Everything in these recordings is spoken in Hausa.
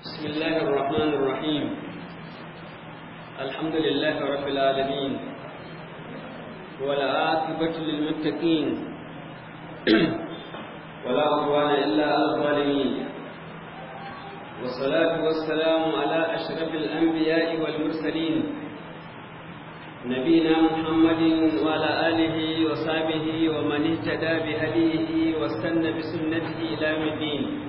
بسم الله الرحمن الرحيم الحمد لله رب العالمين والعاقبة للمتقين ولا عدوان إلا على الظالمين والصلاة والسلام على أشرف الأنبياء والمرسلين نبينا محمد وعلى آله وصحبه ومن اهتدى بهديه واستنى بسنته إلى الدين.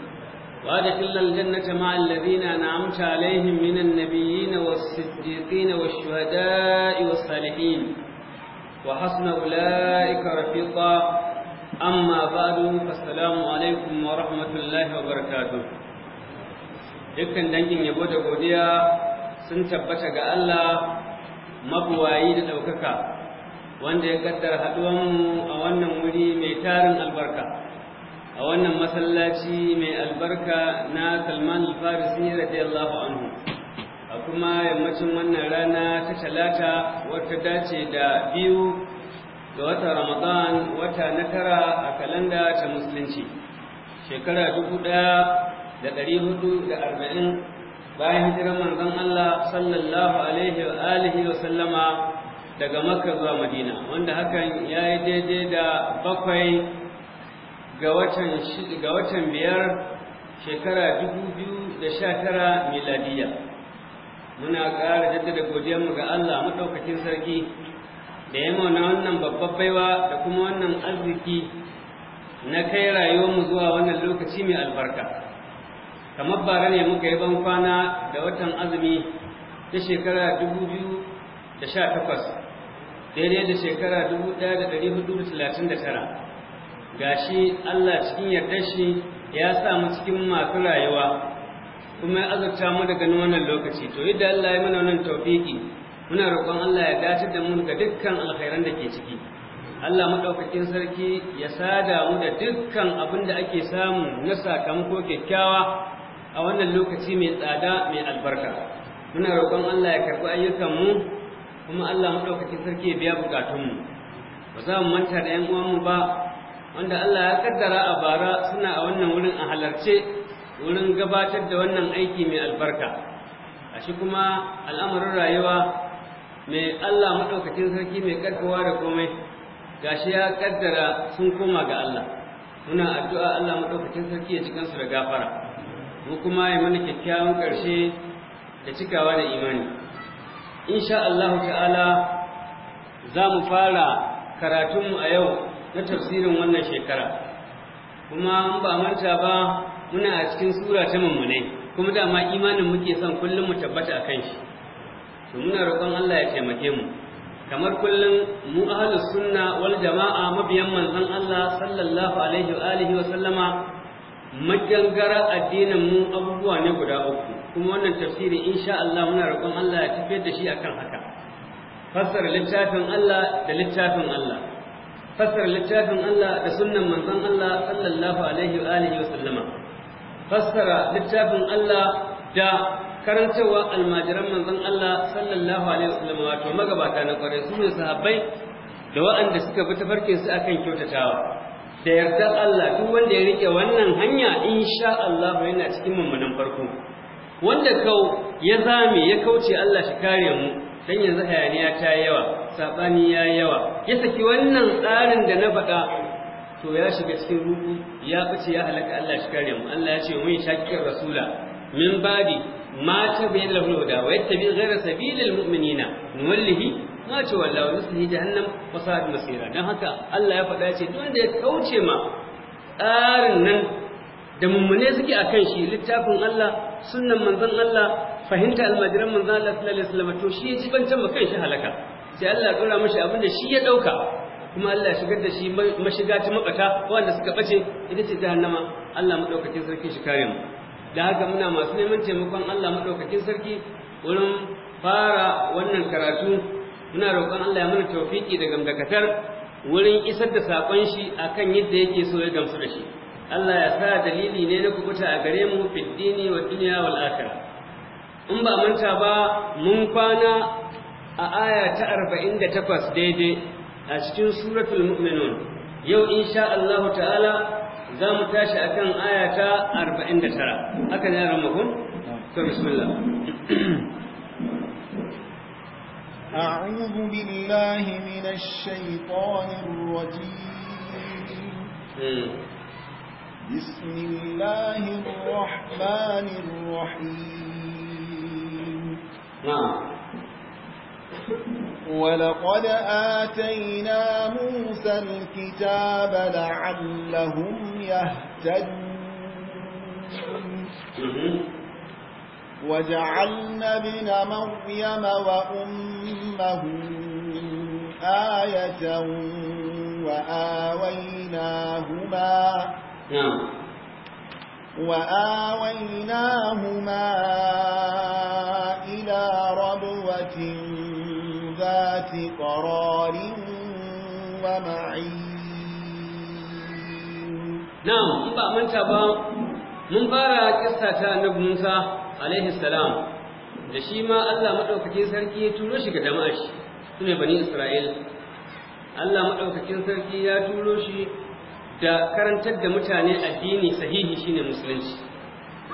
وأدخلنا الجنة مع الذين أنعمت عليهم من النبيين والصديقين والشهداء والصالحين وحسن أولئك رفيقا أما بعد فالسلام عليكم ورحمة الله وبركاته dukkan dangin yabo da godiya sun tabbata ga Allah mabuwayi da ɗaukaka wanda ya kaddara haɗuwanmu a wannan wuri mai tarin albarka a wannan masallaci mai albarka na Salman al-Farisi radiyallahu anhu a kuma yammacin wannan rana ta talata wata dace da biyu ga wata Ramadan wata na tara a kalanda ta musulunci shekara dubu ɗaya da ɗari hudu da arba'in bayan hijirar manzon Allah sallallahu alaihi wa alihi wa sallama daga Makka zuwa Madina wanda hakan ya yi daidai da bakwai ga watan biyar shekara 2019 miladiya muna ƙara jaddada godiyarmu ga Allah maɗaukakin sarki da ya mauna wannan babbar baiwa da kuma wannan arziki na kai rayuwarmu zuwa wannan lokaci mai albarka kamar bara ne muka yi ban kwana da watan azumi ta shekara 2018 daidai da shekara tara. gashi Allah cikin yarda shi ya sa mu cikin masu rayuwa kuma ya azurta mu daga wannan lokaci to yadda Allah ya mana wannan tawfiki muna roƙon Allah ya dace da mu ga dukkan alkhairan da ke ciki Allah madaukakin sarki ya sada mu da dukkan abin da ake samu na sakamako kyakkyawa a wannan lokaci mai tsada mai albarka muna roƙon Allah ya karɓi ayyukan mu kuma Allah madaukakin sarki ya biya bukatun mu ba za mu manta da ƴan uwan mu ba wanda Allah ya kaddara a bara suna a wannan wurin a halarce wurin gabatar da wannan aiki mai albarka a shi kuma al'amarin rayuwa mai Allah maɗaukacin sarki mai karkawa da komai gashi ya kaddara sun koma ga Allah muna addu'a Allah maɗaukacin sarki ya cikin su da gafara mu kuma ya mana kyakkyawan ƙarshe da cikawa da imani insha Allah ta'ala za mu fara karatunmu a yau na tafsirin wannan shekara kuma in ba manta ba muna a cikin sura ta mummune kuma dama imanin muke son kullum mu tabbata akan shi to muna roƙon Allah ya taimake mu kamar kullum mu ahlus sunna wal jama'a mabiyan manzon Allah sallallahu alaihi wa alihi wa sallama magangara addinin mu abubuwa ne guda uku kuma wannan tafsiri insha Allah muna roƙon Allah ya tafiyar da shi akan haka fassara littafin Allah da littafin Allah fassara littafin Allah da sunnan manzon Allah sallallahu alaihi wa alihi wa sallama fassara littafin Allah da karantawa almajiran manzon Allah sallallahu alaihi wa sallama wato magabata na kware su ne sahabbai da waɗanda suka bi tafarkin su akan kyautatawa da yarda Allah duk wanda ya rike wannan hanya insha Allah yana cikin mummunan farko wanda kau ya zame ya kauce Allah shi kare mu dan yanzu hayaniya ta yawa sabani ya yawa ya saki wannan tsarin da na faɗa to ya shiga cikin ruku ya fice ya halaka Allah shi kare mu Allah ya ce mun shakin rasula min badi ma ta bi lahu da wa yattabi ghayra sabilil mu'minina nuwallihi ma ce wallahi nuslihi jahannam wa sa'at masira dan haka Allah ya faɗa ya ce duk da ya kauce ma tsarin nan da mummune suke akan shi littafin Allah sunnan manzon Allah fahimta almajiran manzo Allah sallallahu alaihi wasallam to shi ya ji bantan mu kai shi halaka sai Allah ya dora mashi abin da shi ya dauka kuma Allah ya shigar da shi mashiga ta mabata wanda suka bace ita ce jahannama Allah madaukakin sarki shi kare mu da haka muna masu neman taimakon Allah madaukakin sarki wurin fara wannan karatu muna roƙon Allah ya mana tawfiki da gamdakatar wurin isar da sakon shi akan yadda yake so ya gamsu da shi Allah ya sa dalili ne na kubuta a gare mu fiddini wa duniya wal akhirah in ba manta ba mun kwana a aya ta arba'in da takwas daidai a cikin suratul mu'minun yau insha Allah ta'ala za mu tashi akan aya ta arba'in da tara haka ne yaran mahun? ta bismillah أعوذ بالله من الشيطان الرجيم بسم الله الرحمن الرحيم نعم ولقد آتينا موسى الكتاب لعلهم يهتدون وجعلنا ابن مريم وأمه آية وآويناهما نعم. وآويناهما جنة ذات قرار na'am in ba manta ba mun fara kissa ta annabi Musa alaihi da shi ma Allah madaukakin sarki ya turo shi ga jama'ar shi sune bani Isra'il Allah madaukakin sarki ya turo shi da karantar da mutane addini sahihi shine musulunci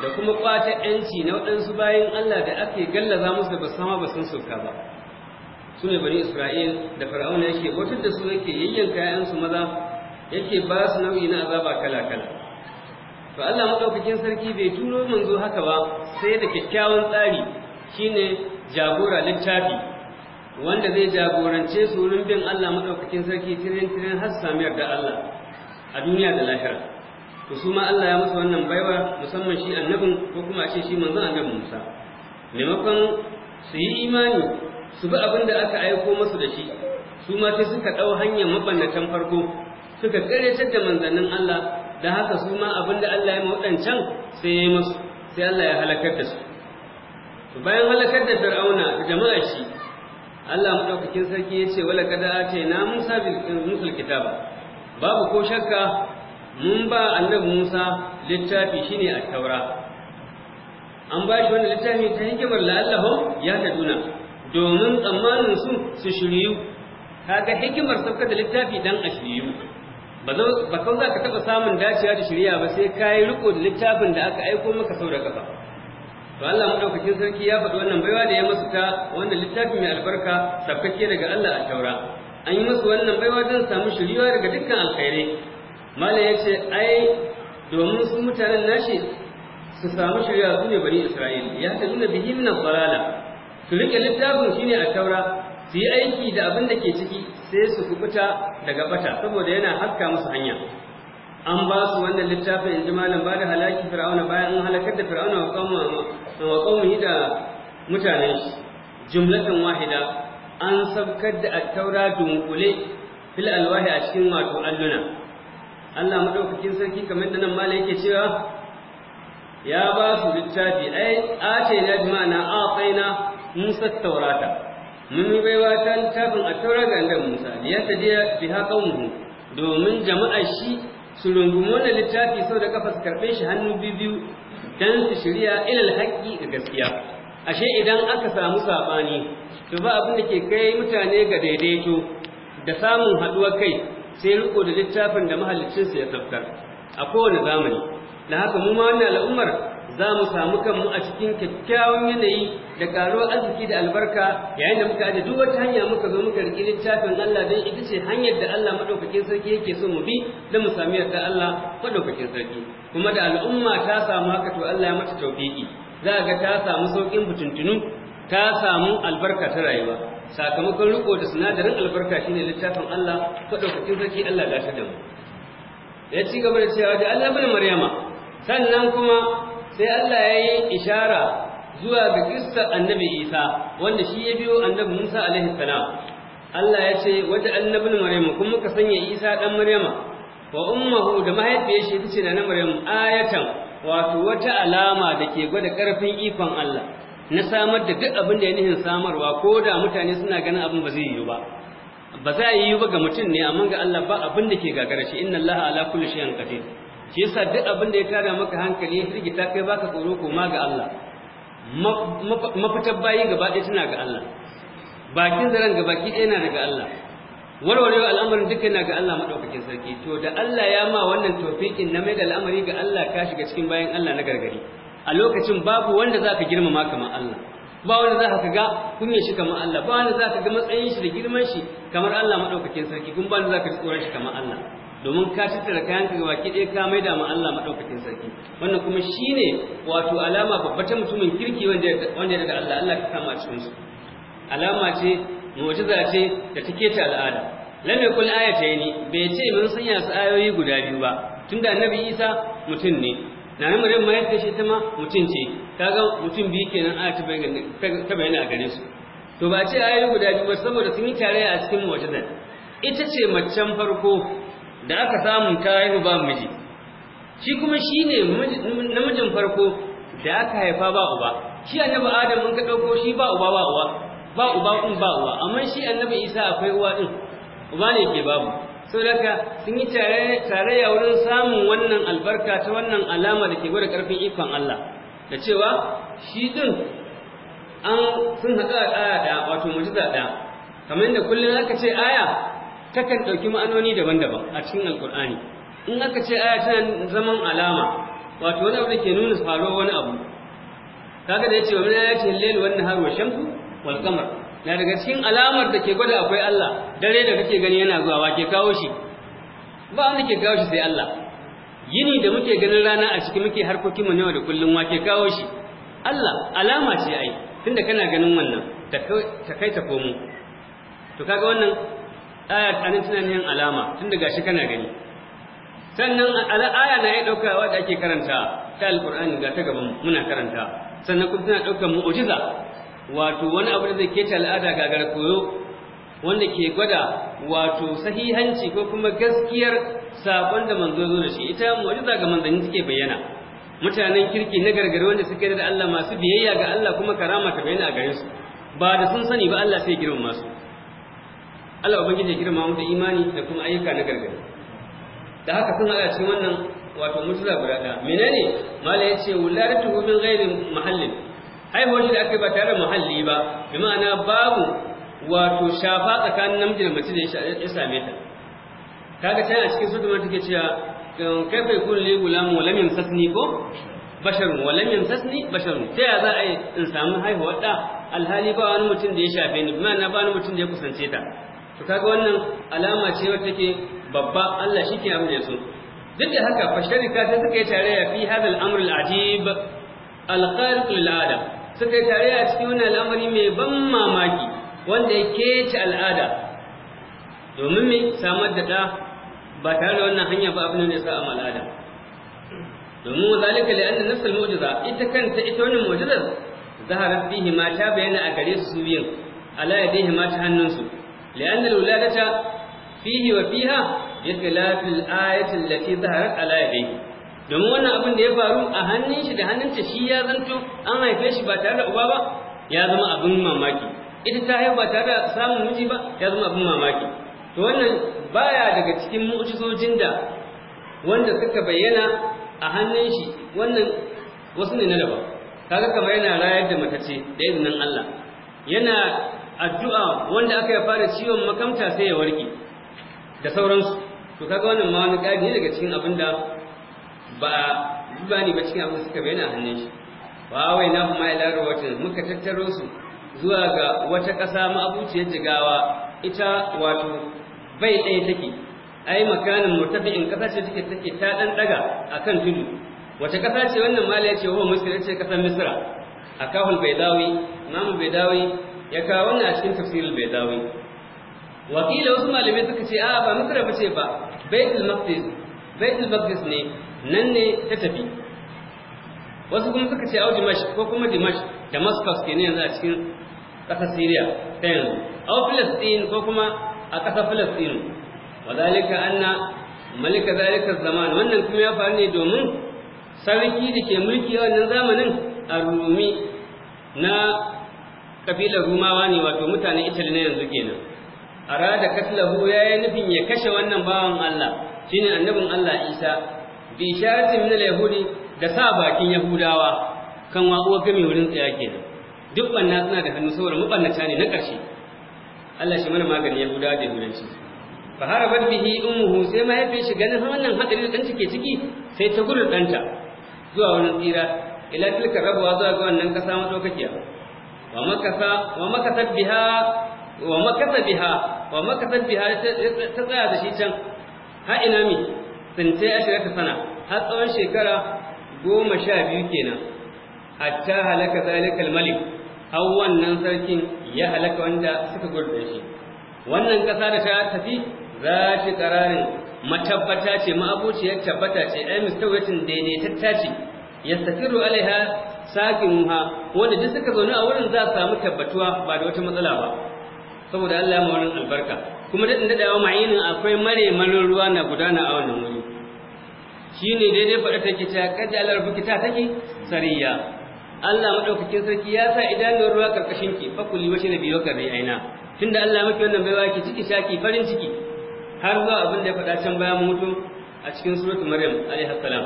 da kuma kwata yanci na waɗansu bayan Allah da ake gallaza musu da basama ba sun sauka ba su ne bani Isra'il da Fir'auna yake wutar da su yake yayyanka kayansu maza yake ba su nau'i na azaba kala-kala to Allah madaukakin sarki bai turo manzo haka ba sai da kyakkyawan tsari shine jagora littafi wanda zai jagorance su wurin bin Allah madaukakin sarki tirin tirin har sami yarda Allah a duniya da lahira to su ma Allah ya musu wannan baiwa musamman shi annabin ko kuma a ce shi manzon annabi Musa maimakon su yi imani su bi abin da aka aiko musu da shi su ma sai suka ɗau hanyar mabannatan farko suka ƙaryatar da manzannin Allah da haka su ma abin da Allah ya ma waɗancan sai ya yi musu sai Allah ya halakar da su to bayan halakar da Fir'auna da jama'ar shi Allah madaukakin sarki ya ce wala kada ce na Musa bil kitaba babu ko shakka mun ba annabi Musa littafi shine at-taura an ba shi wannan littafi ta hikimar la'allahum ya taduna domin tsammanin su su shiryu kaga hikimar sabka da littafi dan a shiryu ba kan za ka taɓa samun dacewa da shirya ba sai ka yi riko da littafin da aka aiko maka sau da kafa to Allah maɗaukakin sarki ya faɗi wannan baiwa da ya masu ta wannan littafi mai albarka sabkakke daga Allah a taura an yi masu wannan baiwa don samu shiryuwa daga dukkan alkhairai mala ya ce ai domin su mutanen nashi su samu shirya su ne bari isra'ila ya ta nuna bihim min balala su rike littafin shi ne a taura su yi aiki da abin da ke ciki sai su kubuta daga bata saboda yana haska musu hanya an ba su wannan littafin in ji malam ba da halaki fir'auna bayan an halakar da fir'auna wa qaumihi da mutanen shi jumlatan wahida an sabkar da a taura dunkule fil alwahi a cikin wato alluna Allah madaukakin sarki kamar da nan mala yake cewa ya ba su littafi ai A ce atayna bi a tsaina Musa Taurata mun yi baiwa ta littafin a taura ga annabi Musa ya bi biha qaumuhu domin jama'a shi su rungumi wannan littafi sau da kafa su karɓe shi hannu biyu don su shirya ilal haƙƙi ga gaskiya ashe idan aka samu saɓani to ba abin da ke kai mutane ga daidaito da samun haɗuwar kai sai riko da littafin da su ya tsaftar a kowane zamani da haka mu ma wannan al'ummar za mu samu kanmu a cikin kyakkyawan yanayi da ƙaruwar arziki da albarka yayin da muka aje duk wata hanya muka zo muka riƙi littafin Allah don ita ce hanyar da Allah maɗaukakin sarki yake so mu bi don mu sami yarda Allah maɗaukakin sarki kuma da al'umma ta samu haka to Allah ya mata tawfiki za ga ta samu sauƙin butuntunu ta samu albarka ta rayuwa sakamakon riko da sinadarin albarka shine littafin Allah daukakin sarki Allah ya ta da mu ya ci gaba da cewa da Allah bin Maryama sannan kuma sai Allah ya yi ishara zuwa ga kissar annabi Isa wanda shi ya biyo annabi Musa alaihi salam Allah ya ce waje annabin Maryama kuma muka sanya Isa dan Maryama wa ummuhu da mahaifiyar shi tace da na Maryam ayatan wato wata alama da ke gwada karfin ikon Allah na samar da duk abin da ya nihin samarwa ko da mutane suna ganin abin ba zai yiwu ba ba za a yi yiwu ba ga mutum ne amma ga Allah ba abin da ke gagara shi inna Allah ala kulli shay'in qadir shi yasa duk abin da ya tara maka hankali ya ta kai baka tsoro ko ma ga Allah mafitar bayi gaba ɗaya tana ga Allah bakin zaren gaba ki ɗaya na daga Allah warware al'amarin dukkan na ga Allah madaukakin sarki to da Allah ya ma wannan tofikin na mai da al'amari ga Allah ka shiga cikin bayan Allah na gargari a lokacin babu wanda za ka girmama kamar Allah ba wanda ka ga kunya shi kamar Allah ba wanda ka ga matsayin shi da girman shi kamar Allah madaukakin sarki kun ba wanda ka ji tsoron shi kamar Allah domin ka tattara kayan ka baki ɗaya ka maida ma Allah madaukakin sarki wannan kuma shine wato alama babba ta mutumin kirki wanda wanda ya da Allah Allah ka kama cikin alama ce mu'jiza ce da take ta al'ada lam yakul ayataini bai ce mun sanya su ayoyi guda biyu ba tunda annabi Isa mutum ne na yi maryam mayar da shi ta ma mutum ce ga mutum biyu kenan a ta bayyana a gare su to ba ce yi guda biyu ba saboda sun yi tarayya a cikin mu'tazil ita ce macen farko da aka samu ta haihu ba miji shi kuma shi ne namijin farko da aka haifa ba uba shi annabi adam mun ka dauko shi ba uba ba uba ba uba ba uwa amma shi annabi isa akwai uwa din uba ne ke babu saboda sun yi tarayya wurin samun wannan albarka ta wannan alama da ke gwada ƙarfin ikon Allah da cewa shi din an sun haɗu a aya ɗaya wato mujiza ɗaya kamar yadda kullum aka ce aya takan ɗauki ma'anoni daban-daban a cikin alkur'ani in aka ce aya tana zaman alama wato wani abu da ke nuna faruwa wani abu kaga da ya ce wa ya ce lail wan nahar wa shamsu wal qamar na daga cikin alamar da ke gwada akwai Allah dare da kake gani yana zuwa wa ke kawo shi ba wanda ke kawo shi sai Allah yini da muke ganin rana a cikin muke harkokin mu yau da kullum wa ke kawo shi Allah alama ce ai tunda kana ganin wannan ta kai ta komo to kaga wannan aya anan tana yin alama tunda gashi kana gani sannan aya na ya dauka wanda ake karanta ta alqur'ani ga ta gaban muna karanta sannan kuma tana daukar mu'jiza wato wani abu da zai keta al'ada gagar koyo wanda ke gwada wato sahihanci ko kuma gaskiyar sabon da manzo zo da shi ita mu'jiza ga manzanni take bayyana mutanen kirki na gargare wanda suka da Allah masu biyayya ga Allah kuma karama ta bayyana a gare su ba da sun sani ba Allah sai girma su Allah ubangiji ya girma mu da imani da kuma ayyuka na gargare da haka sun haɗa cikin wannan wato mutsala guda ɗaya menene mala yace wallahi tuhumin ghairi mahallin haihuwar shi da aka yi ba tare muhalli ba bi ma'ana babu wato shafa tsakanin namiji da mace da ya same ta kaga can a cikin sudu take cewa kai bai kun li gulamu wa lam yamsasni ko basharu. wa lam yamsasni basharun ta ya za a yi in samu haihuwar da alhali ba wani mutum da ya shafe ni bi ma'ana ba wani mutum da ya kusance ta to kaga wannan alama ce wacce take babba Allah shi ke da ya duk da haka ka sai suka yi ya fi hadal amrul ajib al lil suka yi tarayya a cikin wani al'amari mai ban mamaki wanda ya kece al'ada domin mai samar da ɗa ba tare da wannan hanya ba abin da ya sa al'ada domin zalika da anna nasar mojiza ita kanta ita wannan za a rafi hima ta bayyana a gare su yin ala dai hima ta hannunsu li anna da ta fihi wa fiha lafi khilafil da ke zaharar ala dai domin wannan abin da ya faru a hannun shi da hannunta shi ya zanto an haife shi ba tare da uba ba ya zama abin mamaki ita ta haihu ba tare da samun miji ba ya zama abin mamaki to wannan baya daga cikin mu'jizojin da wanda suka bayyana a hannun shi wannan wasu ne na daba. kaga kamar yana rayar da matace da izinin Allah yana addu'a wanda aka ya fara ciwon makamta sai ya warke da sauransu to kaga wannan ma wani ƙari ne daga cikin abin da ba ba ne ba cikin abin suka bayyana hannun shi ba wai na kuma ila rawatin muka tattaro su zuwa ga wata ƙasa ma'abuciyar jigawa ita wato bai ɗaya take ai makanin mutabi'in ƙasa ce take take ta ɗan ɗaga akan tudu Wata ƙasa ce wannan mala ya ce wa misir ce ƙasar misra a kahul baidawi bai dawi, ya kawo wannan a cikin tafsirin dawi. Wakilai wasu malamai suka ce a ba misra ba ce ba baitul maqdis baitul maqdis ne nan ne ta tafi wasu kuma suka ce au dimash ko kuma dimash damascus ke ne yanzu a cikin ƙasar syria ta yanzu au filistin ko kuma a ƙasar filistin zalika, anna malika zalika zaman wannan kuma ya faru ne domin sarki da ke mulki a wannan zamanin a rumi na kabilar rumawa ne wato mutane italy na yanzu kenan arada katlahu ya yi nufin ya kashe wannan bawan allah shine annabin allah isa bi min al-yahudi da sa bakin yahudawa kan waƙuwa gami wurin tsaya kenan duk banna suna da hannu saboda mabannata ne na ƙarshe Allah shi mana maganin yahudawa da yahudanci fa harabat bihi ummuhu sai mahaifin shi ganin wannan hadari da ɗanta ke ciki sai ta gudu ɗanta zuwa wurin tsira ila tilka rabuwa zuwa ga wannan kasa madaukakiya wa makasa wa makasa biha wa makasa biha wa makasa biha ta tsaya da shi can ha ina mi tsintai ashirata sana har tsawon shekara goma sha biyu kenan hatta halaka zalikal malik har wannan sarkin ya halaka wanda suka gurbe shi wannan ƙasa da ta tafi za shi ƙararin matabbata ce ma'abuciyar tabbata ce ai mustawyatin daidaitatta ce sakiru alaiha ha wanda duk suka zaune a wurin za su samu tabbatuwa ba da wata matsala ba saboda Allah ya ma albarka kuma da dadawa ma'inin akwai maremarin ruwa na gudana a wannan wuri Shi ne daidai faɗa take ta kada rufi bukita take sariya Allah madaukakin sarki ya sa idanun ruwa karkashin ki fakuli wa na biyo kare aina tunda Allah maki wannan baiwa ki ciki shaki farin ciki har zuwa abin da ya faɗa can bayan mutu a cikin surutu maryam alaihi salam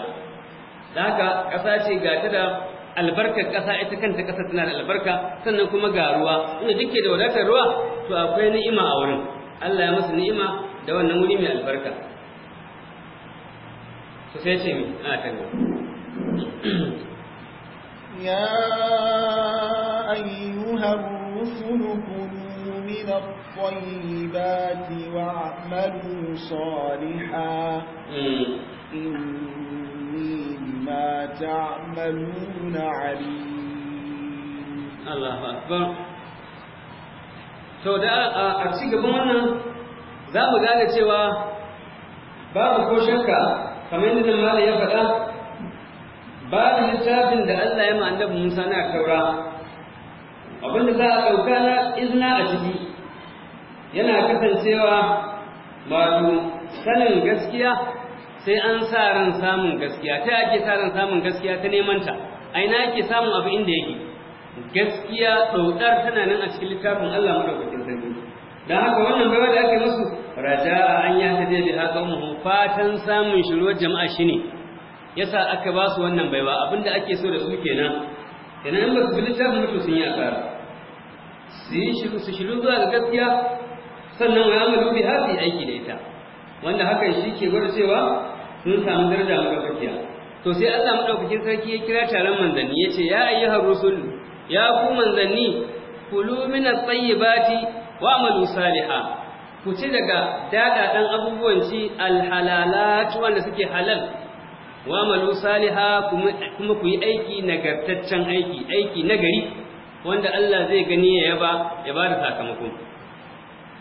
da haka ƙasa ce ga ta da albarkar ƙasa ita kanta ƙasa tana da albarka sannan kuma ga ruwa inda duke da wadatar ruwa to akwai ni'ima a wurin Allah ya masa ni'ima da wannan wuri mai albarka to sai ce mi a kan ya ayyuhar rusulu kunu min at-tayyibati wa'malu salihan hmm. inni bima ta'maluna alim Allahu akbar to da a cikin wannan za mu gane cewa babu ko kamar yadda malam ya faɗa babu littafin da Allah ya ma annabi Musa na taura abin da za a ɗauka na izina a ciki yana kasancewa wato sanin gaskiya sai an sa ran samun gaskiya ta ake sa ran samun gaskiya ta neman ta aina ake samun abu inda yake gaskiya ɗauɗar tana nan a cikin littafin Allah madaukakin sarki don haka wannan bai da ake musu raja'a an ya hade bi haka qaumuhu fatan samun shiruwar jama'a shi ne, ya sa aka ba su wannan baiwa abinda ake so da su kenan kenan in ba su bilita littafin mutu sun yi asara su yi shiru su shiru zuwa ga gaskiya sannan wa yamalu bi ha su aiki da ita wanda hakan shi ke gwada cewa sun samu daraja gaskiya to sai Allah madaukakin sarki ya kira taron manzanni ya ce ya ayyuhar rusul ya ku manzanni kulu min at-tayyibati wa'malu salihan ku ci daga dadaɗan abubuwan ci alhalalat wanda suke halal wa malu saliha kuma ku yi aiki nagartaccen aiki aiki nagari wanda Allah zai gani ya yaba ya ba da sakamako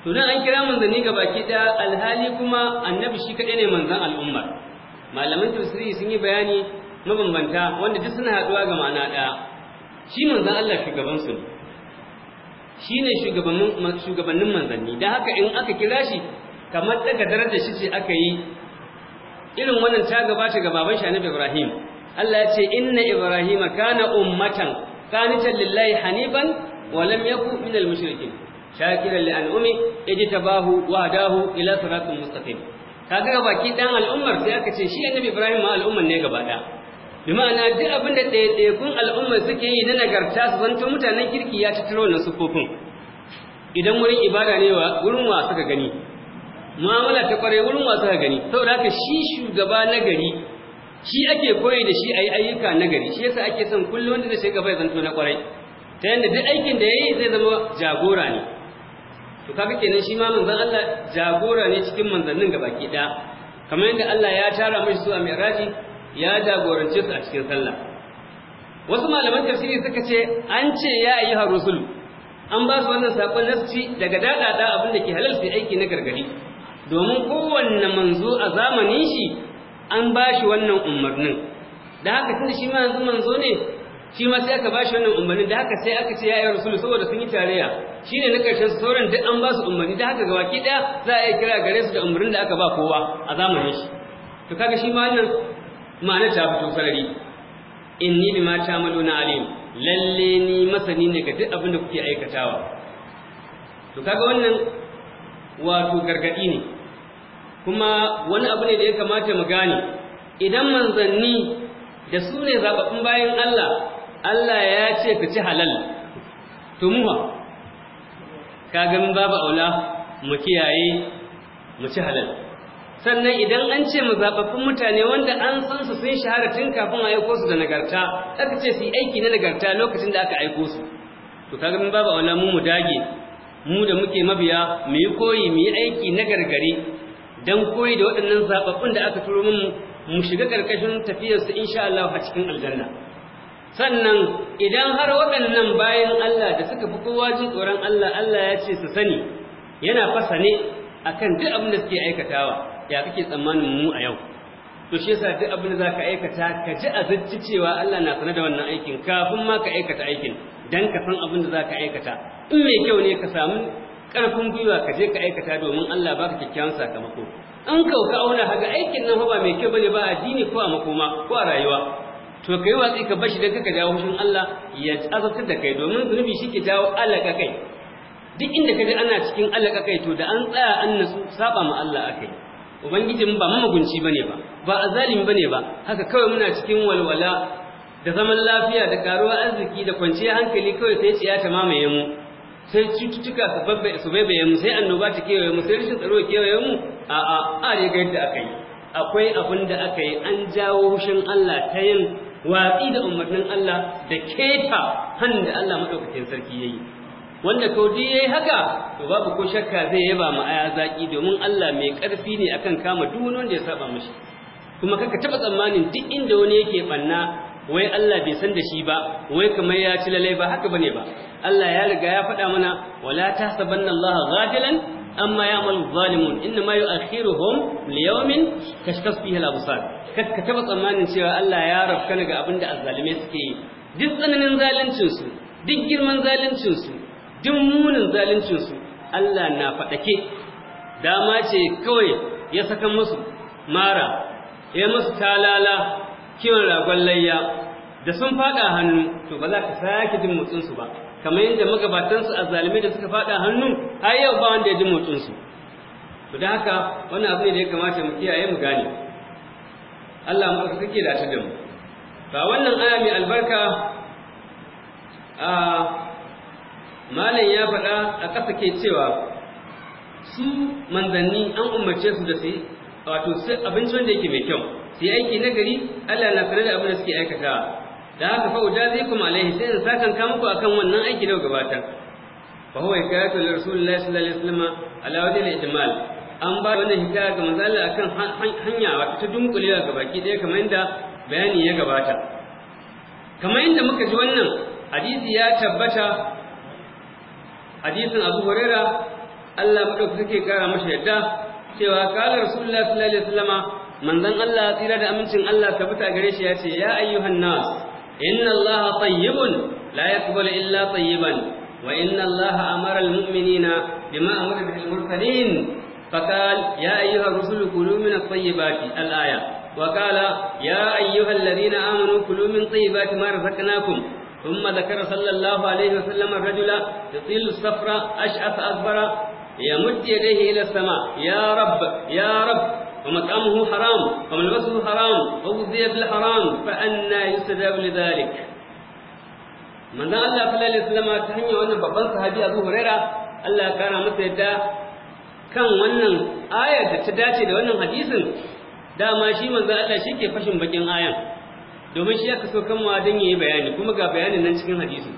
to nan an kira manzanni ga baki da alhali kuma annabi shi kaɗai ne manzan al'ummar malaman tafsiri sun yi bayani mabambanta wanda duk suna haɗuwa ga ma'ana ɗaya shi manzan Allah su ne Shi ne shugabannin manzanni dan haka in aka kira shi kamar daga darajar shi ce aka yi irin wannan ta gabata ga baban shi Ibrahim Allah ya ce inna ibrahim kana ummatan qanitan lillahi haniban wa lam yakun minal mushrikin shakiran li an'umi ijtabahu wa hadahu ila siratin mustaqim kaga baki dan al'ummar sai aka ce shi annabi Ibrahim ma al'umman ne gaba daya bi ma'ana duk abin da ɗaiɗaikun al'umma suke yi na nagarta su zanto mutanen kirki ya tattaro na sufofin idan wurin ibada ne wa wurin wa suka gani mu'amala ta kware wurin wa suka gani saboda haka shi shugaba na gari shi ake koyi da shi a yi ayyuka na gari shi yasa ake son kullum wanda zai shiga bai zanto na kwarai ta yadda duk aikin da ya yi zai zama jagora ne to kaga kenan shi ma manzon Allah jagora ne cikin manzannin gabaki ɗaya kamar yadda Allah ya tara mashi su mai mi'raji ya jagorance su a cikin sallah wasu malaman tafsiri suka ce an ce ya yi rusul an ba su wannan sakon nasci daga dadada abin da ke halal sai aiki na gargadi domin kowanne manzo a zamanin shi an ba shi wannan umarnin da haka tunda shi ma yanzu manzo ne shi ma sai aka ba shi wannan umarnin da haka sai aka ce ya yi rasulu saboda sun yi tarayya shine na karshen sauran duk an ba su umarni da haka gabaki daya za a iya kira gare su da umarnin da aka ba kowa a zamanin shi to kaga shi ma wannan ma'ana ta fito sarari ta bima na alim lalle ni masani ne ga duk abin da kuke aikatawa to kaga wannan wato gargadi ne kuma wani abu ne da ya kamata mu gane idan manzanni da su ne bayan Allah Allah ya ce ku ci halal to mu ba kaga mun babu aula mu kiyaye mu ci halal sannan idan an ce mu zababbun mutane wanda an san su sun shahara tun kafin a aiko su da nagarta aka ce su yi aiki na nagarta lokacin da aka aiko su to kaga min babu wala mu mu dage mu da muke mabiya mu yi koyi mu yi aiki na gargari dan koyi da waɗannan zaɓaffin da aka turo mu mu shiga ƙarƙashin tafiyar su insha Allah a cikin aljanna sannan idan har waɗannan bayan Allah da suka fi kowa jin tsoron Allah Allah ya ce su sani yana fasa ne akan duk abin da suke aikatawa ya kake tsammanin mu a yau to shi yasa duk abin da zaka aikata ka ji a cewa Allah na sanar da wannan aikin kafin ma ka aikata aikin dan ka san abin da zaka aikata in mai kyau ne ka samu karfin gwiwa ka je ka aikata domin Allah baka kyakkyawan sakamako an ka auna haga aikin nan ba mai kyau bane ba addini ko a makoma ko a rayuwa to kai watsi ka bashi dan ka jawo shin Allah ya azabtar da kai domin zunubi ke jawo alaka kai duk inda ka ji ana cikin alaka kai to da an tsaya an nasu saba ma Allah akai ubangijin ba mamagunci bane ba ba azalimi bane ba haka kawai muna cikin walwala da zaman lafiya da karuwar arziki da kwanciyar hankali kawai sai ciya ta mamaye mu sai cututtuka su baibaye mu sai annoba ta kewaye mu sai rashin tsaro ya kewaye mu a a a ga yadda aka yi akwai abin da aka yi an jawo hushin Allah ta yin watsi da umarnin Allah da keta hannun da Allah maɗaukakin sarki ya yi wanda ko ya yi haka to babu ko shakka zai yaba ma aya zaki domin Allah mai karfi ne akan kama duk wani wanda ya saba mishi kuma kanka taba tsammanin duk inda wani yake banna wai Allah bai san da shi ba wai kamar ya ci lalai ba haka bane ba Allah ya riga ya faɗa mana wala tahsabanna Allah ghafilan amma ya'malu zalimun inna ma yu'akhiruhum li yawmin kashkas fihi al-absar kanka taba tsammanin cewa Allah ya rafkana ga abinda azzalimai suke yi duk tsananin zaluncin su duk girman zaluncin su duk munin zaluncinsu Allah na faɗake dama ce kawai ya saka musu mara ya musu talala kiwon ragon layya da sun faɗa hannu to ba za ka sake jin motsinsu ba kamar yadda magabatansu a zalimai da suka faɗa hannu har yau ba wanda ya ji motsinsu to da haka wani abu da ya kamata mu kiyaye mu gane Allah mu ka kike da ta da mu ba wannan aya mai albarka a malam ya faɗa a ƙasa ke cewa su manzanni an umarci su da su wato su abinci wanda yake mai kyau su yi aiki gari? Allah na sanar da abin da suke aikata da haka fa kuma alaihi sai in sakan ka muku akan wannan aiki da gabata fa huwa hikayatu li rasulillahi sallallahu alaihi wasallam ala wajhi al-ijmal an ba wannan hikaya ga manzo Allah akan hanya wato ta dunkulewa ga baki ɗaya kamar yadda bayani ya gabata kamar yadda muka ji wannan hadisi ya tabbata hadisin abu huraira Allah madaukake kara mashi yadda cewa kala rasulullahi sallallahu alaihi wasallama manzon Allah ya tsira da amincin Allah ka tabbata gare shi ya ce ya ayyuhan nas inna Allah tayyibun la yaqbalu illa tayyiban wa inna Allah amara almu'minina bima amara bihi almursalin فقال يا أيها الرسل كلوا من الطيبات الآية وقال يا أيها الذين آمنوا كلوا من طيبات ما رزقناكم ثم ذكر صلى الله عليه وسلم الرجل يطيل الصفرة أشعث أكبر يمد يديه إلى السماء يا رب يا رب ومطعمه حرام وملبسه حرام وغذي بالحرام فأنى يستجاب لذلك manzon Allah sallallahu alaihi wasallam ta hanyar wannan babban sahabi Abu Huraira Allah ya kara masa yadda kan wannan ayar da ta dace da wannan hadisin dama shi manzon Allah shi ke fashin bakin ayan domin shi aka so kanwa don yi bayani kuma ga bayanin nan cikin hadisi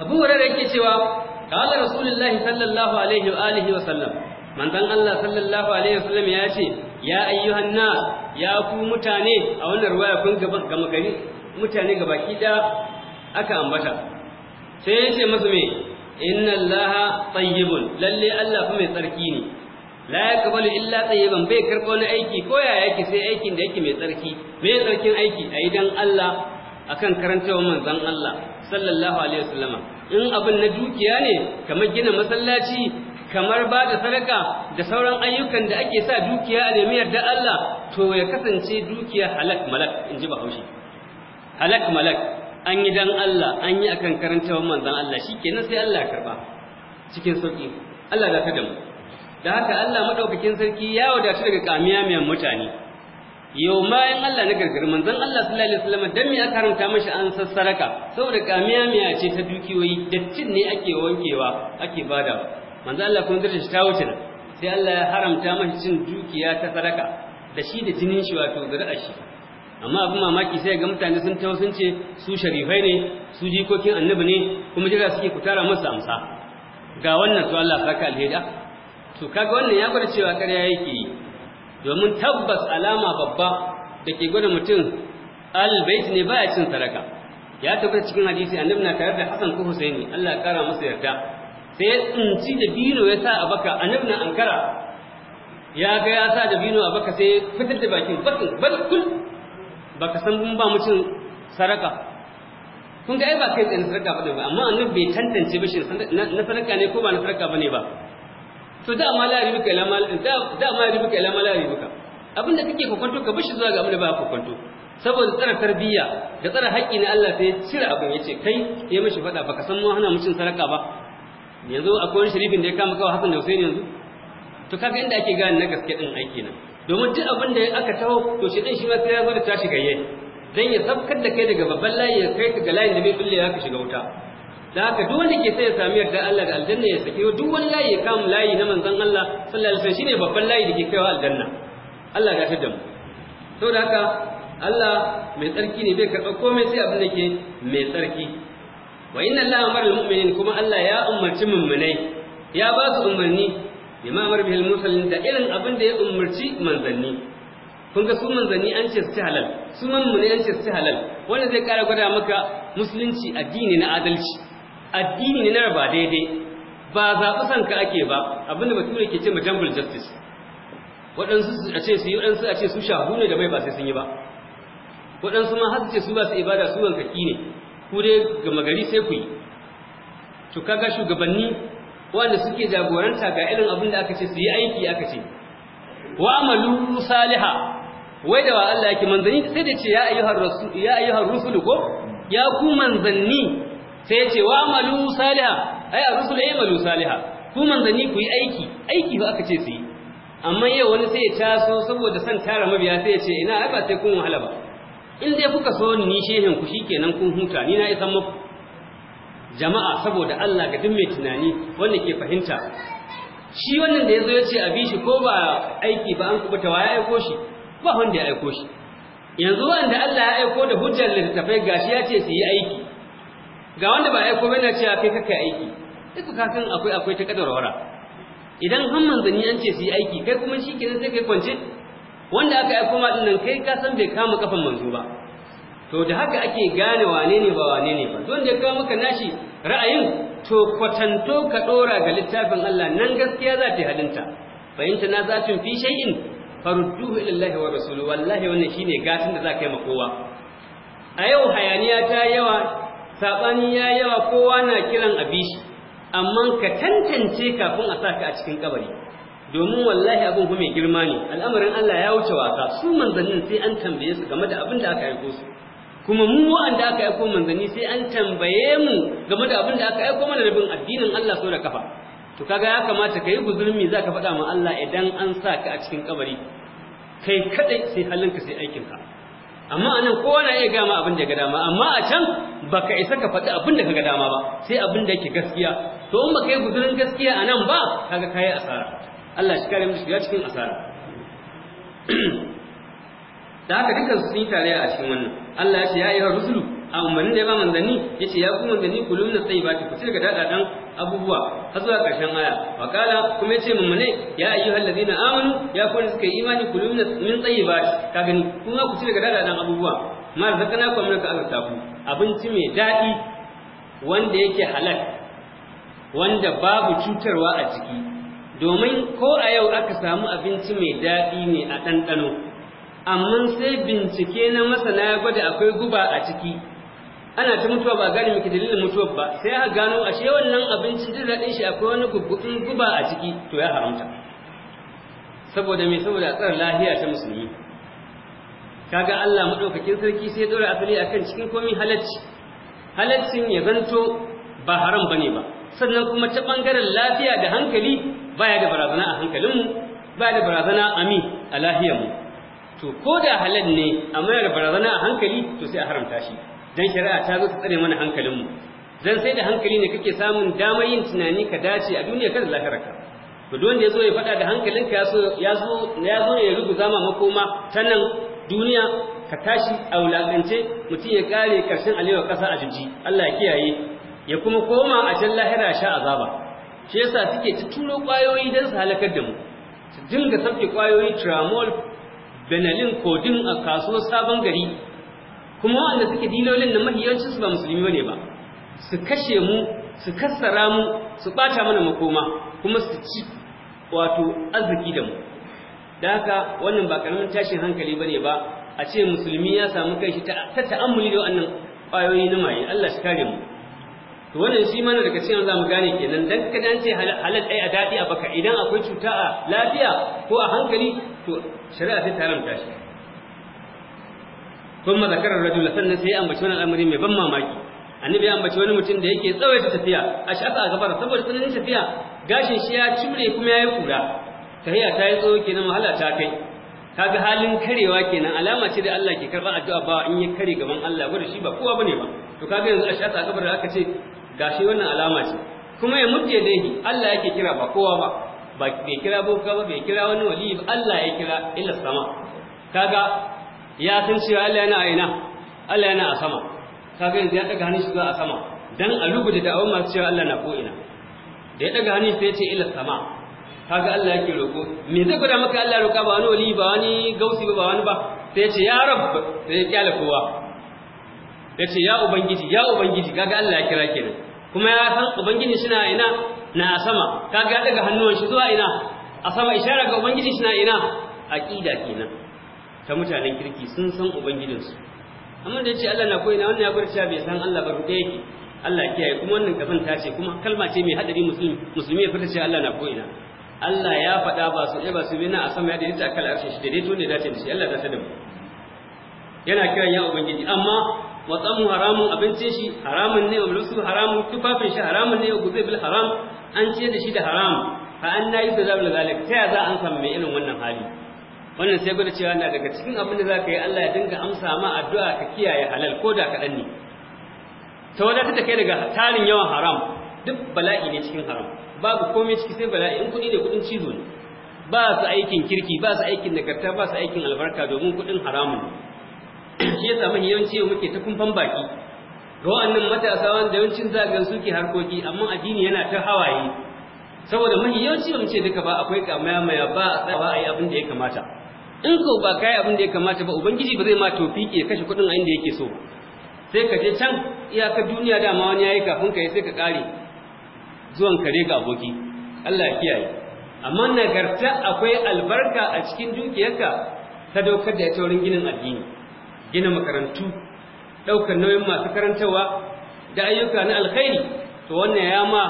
Abu da yake cewa qala Rasulullahi sallallahu alaihi wa alihi wa sallam manzan Allah sallallahu alaihi wa sallam ya ce ya ayyuhan hannu ya ku mutane a wannan ruwaya kun gaba gama gari mutane gaba da aka ambata sai ya ce masu me inna Allaha tayyibun lalle Allah fa mai tsarki ne la ya yaqbalu illa ban bai karɓo na aiki ko ya yake sai aikin da yake mai tsarki mai tsarkin aiki A yi don Allah akan karantawar manzon Allah sallallahu alaihi wasallama in abin na dukiya ne kamar gina masallaci kamar ba da sadaka da sauran ayyukan da ake sa dukiya a lemiyar da Allah to ya kasance dukiya halak malak in ji bahaushe halak malak an yi dan Allah an yi akan karantawar manzon Allah shikenan sai Allah ya karba cikin sauki Allah za da damu da haka Allah madaukakin sarki ya wadatu daga mai mutane yau ma in Allah na gargar manzon Allah sallallahu alaihi wasallam dan me aka ranta mashi an sassaraka saboda kamiyamiya ce ta dukiyoyi dattin ne ake wankewa ake badawa manzon Allah kun dace shi ta wuce sai Allah ya haramta mashi cin dukiya ta sadaka da shi da jinin shi wato zuri'ar shi amma abin mamaki sai ga mutane sun tawo sun ce su sharifai ne su jikokin annabi ne kuma jira suke kutara musu amsa ga wannan su Allah saka alheri ah, to kaga wannan ya gwada cewa ƙarya yake yi domin tabbas alama babba da ke gwada mutum albait ne baya cin sadaka ya tabbata cikin hadisi annabi na tare da Hassan ko Husaini Allah ya kara masa yarda sai ya tsinci da bino ya sa a baka annabi na ankara ya ga ya sa da bino a baka sai fitar da bakin bakin bakin baka san mun ba mutum sadaka kun ga ai ba kai tsaye na sadaka bane ba amma annabi bai tantance ba shi na sadaka ne ko ba na sadaka bane ba to da ma la ribuka ila ma da ma ribuka ila abinda kake kokonto ka bishi zuwa ga abinda ba kokonto saboda tsara tarbiyya da tsara haƙƙi na Allah sai cire abin yace kai ya mishi faɗa baka san mu hana mucin saraka ba yanzu akwai wani sharifin da ya kama kawai Hassan da Hussein yanzu to kaga inda ake gane na gaske din aiki na domin duk abin da aka taho to shi din shi ma sai ya zo da tashi gayye dan ya sabkar da kai daga babban layi ya kai ka ga layin da bai bulle ya ka shiga wuta da haka duk wanda ke sai ya sami yarda Allah da aljanna ya sake duk wani layi ya kama layi na manzon Allah sallallahu alaihi wasallam shine babban layi da ke kaiwa aljanna Allah ya shaddam to da haka Allah mai tsarki ne bai karɓa komai sai abin da ke mai tsarki wa inna Allah amara almu'minin kuma Allah ya umarci mummunai ya ba su umarni bima amara bihi almusallin da irin abin da ya umarci manzanni kun ga su manzanni an ce su halal su mummunai an ce su halal wanda zai kara gwada maka musulunci addini na adalci addini ne na ba daidai ba san ka ake ba abinda mutum ke ce ma justice waɗansu a ce su waɗansu a ce su shahu ne da bai ba sai sun yi ba waɗansu ma har ce su ba su ibada su wankaki ne ku dai gama gari sai ku yi to kaga shugabanni wanda suke jagoranta ga irin abin da aka ce su yi aiki aka ce wa amalu saliha wai da wa Allah yake manzanni sai da ce ya ayyuhar rasul ya ayyuhar rusul ko ya ku manzanni sai ya ce wa amalu saliha ai ar-rusul ya'malu saliha ku manzanni ku yi aiki aiki ba aka ce su yi amma yau wani sai ya taso saboda son tara mabiya sai ya ce ina ai ba sai kun wahala ba in dai kuka so ni shehin ku shikenan kun huta ni na isan muku jama'a saboda Allah ga duk mai tunani wanda ke fahimta shi wannan da yazo ya ce a bi shi ko ba aiki ba an kuɓuta wa ya aiko shi ba wanda ya aiko shi yanzu wanda Allah ya aiko da hujjar littafai gashi ya ce su yi aiki ga wanda ba aiko bane cewa kai kake aiki duka ka san akwai akwai ta kadarwara idan har manzani an ce su yi aiki kai kuma shi kenan sai kai kwance wanda aka aiko ma dinnan kai ka san bai kama kafan manzo ba to da haka ake gane wane ne ba wane ne ba don da ya kawo maka nashi ra'ayin to kwatanto ka dora ga littafin Allah nan gaskiya za ta yi halinta fahimta na za fi shay'in farudduhu ila Allah wa rasuluhu wallahi wannan shine gatin da za ka yi ma a yau hayaniya ta yawa saɓani ya yawa kowa na kiran abishi amma ka tantance kafin a saka a cikin kabari domin wallahi abin kuma mai girma ne al'amarin Allah ya wuce wasa su manzannin sai an tambaye su game da abin da aka aiko su kuma mu waanda aka aiko manzanni sai an tambaye mu game da abin da aka aiko mana rabin addinin Allah so da kafa to kaga ya kamata kai guzurmi zaka faɗa ma Allah idan an sa ka a cikin kabari kai kadai sai halinka sai aikinka amma anan kowa na iya gama abin da ga dama amma a can baka isa ka faɗi abin da ka ga dama ba sai abin da yake gaskiya to in baka yi guzurin gaskiya nan ba kaga kayi asara Allah shi kare mu ya cikin asara da haka dukkan sun yi tarayya a cikin wannan Allah ya ce ya yi rusulu a umarnin da ya ba manzanni ya ce ya ku manzanni ku lumna sai ba ku ci daga dadadan abubuwa har zuwa ƙarshen aya wa kala kuma ya ce mummune ya ayyuhal ladina amanu ya ku suka imani ku lumna min ba ka gani kuma ku ci daga dadadan abubuwa ma zakana ku amurka azurta ku abinci mai daɗi wanda yake halal wanda babu cutarwa a ciki domin ko a yau aka samu abinci mai daɗi ne a ɗanɗano amma sai bincike na masana ya gwada akwai guba a ciki ana ta mutuwa ba gane miki dalilin mutuwa ba sai a gano ashe wannan abincin da daɗin shi akwai wani gubbuɗin guba a ciki to ya haramta saboda me saboda a tsara lahiya ta musulmi kaga Allah madaukakin sarki sai dora asali akan cikin komai halacci halaccin ya zanto ba haram bane ba sannan kuma ta bangaren lafiya da hankali baya da barazana a hankalinmu baya da barazana a mi a mu, to ko da halal ne amma da barazana a hankali to sai a haramta shi dan shari'a ta zo ta tsare mana hankalinmu zan sai da hankali ne kake samun damar yin tunani ka dace a duniya kada ka to duk wanda ya zo ya faɗa da hankalinka ya so ya zo ya zo ya rubu zama makoma ta nan duniya ka tashi a wulakance mutum ya kare karshen alewa ƙasa a jiji Allah ya kiyaye ya kuma koma a can lahira sha azaba shi yasa suke ci turo kwayoyi don su halakar da mu su dinga sauke ƙwayoyi tramol benelin kodin a kasuwar sabon gari kuma waɗanda suke dilolin da mahiyancin su ba musulmi bane ba su kashe mu su kassara mu su ɓata mana makoma kuma su ci wato arziki da mu da haka wannan ba karamin tashin hankali bane ba a ce musulmi ya samu kanshi ta ta'ammuli da wannan ƙwayoyi na maye Allah shi kare mu to wannan shi mana daga cikin mu gane kenan dan ka dan ce halal ai a dadi a baka idan akwai cuta a lafiya ko a hankali to shari'a sai ta haramta shi kun ma zakarar rajula sannan sai ya ambaci wani al'amari mai ban mamaki annabi ya ambaci wani mutum da yake tsawaita tafiya a shaka a gabar saboda shi tafiya gashin shi ya cimre kuma ya yi kura tahiya ta yi tsawo kenan wahala ta kai kaga halin karewa kenan alama ce da Allah ke karba addu'a ba in ya kare gaban Allah gwada shi ba kowa bane ba to kaga yanzu a shaka a da aka ce gashi wannan alama ce kuma ya mutje dai Allah yake kira ba kowa ba bai kira boka ba bai kira wani wali ba Allah ya kira illa sama kaga ya san cewa Allah yana a ina Allah yana a sama kaga yanzu ya daga hannun shi zuwa a sama dan a da da'awar masu cewa Allah na ko ina da ya daga hannun sai ya ce ila sama kaga Allah yake roko me zai gwada maka Allah roka ba wani wali ba wani gausi ba wani ba sai ya ce ya rabb sai ya kyale kowa ya ce ya ubangiji ya ubangiji kaga Allah ya kira kenan kuma ya san ubangiji shi na ina na sama kaga ya daga hannuwan shi zuwa ina a sama isharar ga ubangiji shi na ina aqida kenan ta mutanen kirki sun san ubangijinsu amma da ce Allah na koyi na wannan ya bar bai san Allah ba ruɗe yake Allah kiyaye kuma wannan ta ce kuma kalma ce mai hadari musulmi musulmi ya fita ce Allah na koyi na Allah ya faɗa ba su ba su bina a sama ya daidaita kala arshin shi daidaito ne dace da shi Allah ta da mu yana kiran ya ubangiji amma mu haramun abincin shi haramun ne wa mulsu haramun tufafin shi haramun ne wa guzai bil haram an ce da shi da haram fa an yi da zabul zalik ta ya za an samu mai irin wannan hali wannan sai gwada cewa na daga cikin abin da za ka yi Allah ya dinga amsa ma addu'a ka kiyaye halal ko da kaɗan ne ta wadatar ta kai daga tarin yawan haram duk bala'i ne cikin haram babu komai ciki sai bala'i in kuɗi ne kuɗin cizo ne ba su aikin kirki ba su aikin nagarta ba su aikin albarka domin kuɗin haramun shi yasa yawanci yau muke ta kumfan baki ga wa'annan matasa wanda yawancin zagan suke harkoki amma addini yana ta hawaye saboda mahi yawanci ba mu ce duka ba akwai kamaya maya ba a tsawa a yi abin da ya kamata in ko ba kai abin da ya kamata ba ubangiji ba zai ma tofiki ya kashe kuɗin a inda yake so sai ka je can iyaka duniya dama wani yayi kafin ka yi sai ka ƙare zuwan kare ga aboki Allah ya kiyaye amma nagarta akwai albarka a cikin dukiyarka ta daukar da ita wurin ginin addini gina makarantu ɗaukar nauyin masu karantarwa da ayyuka na alkhairi to wannan ya ma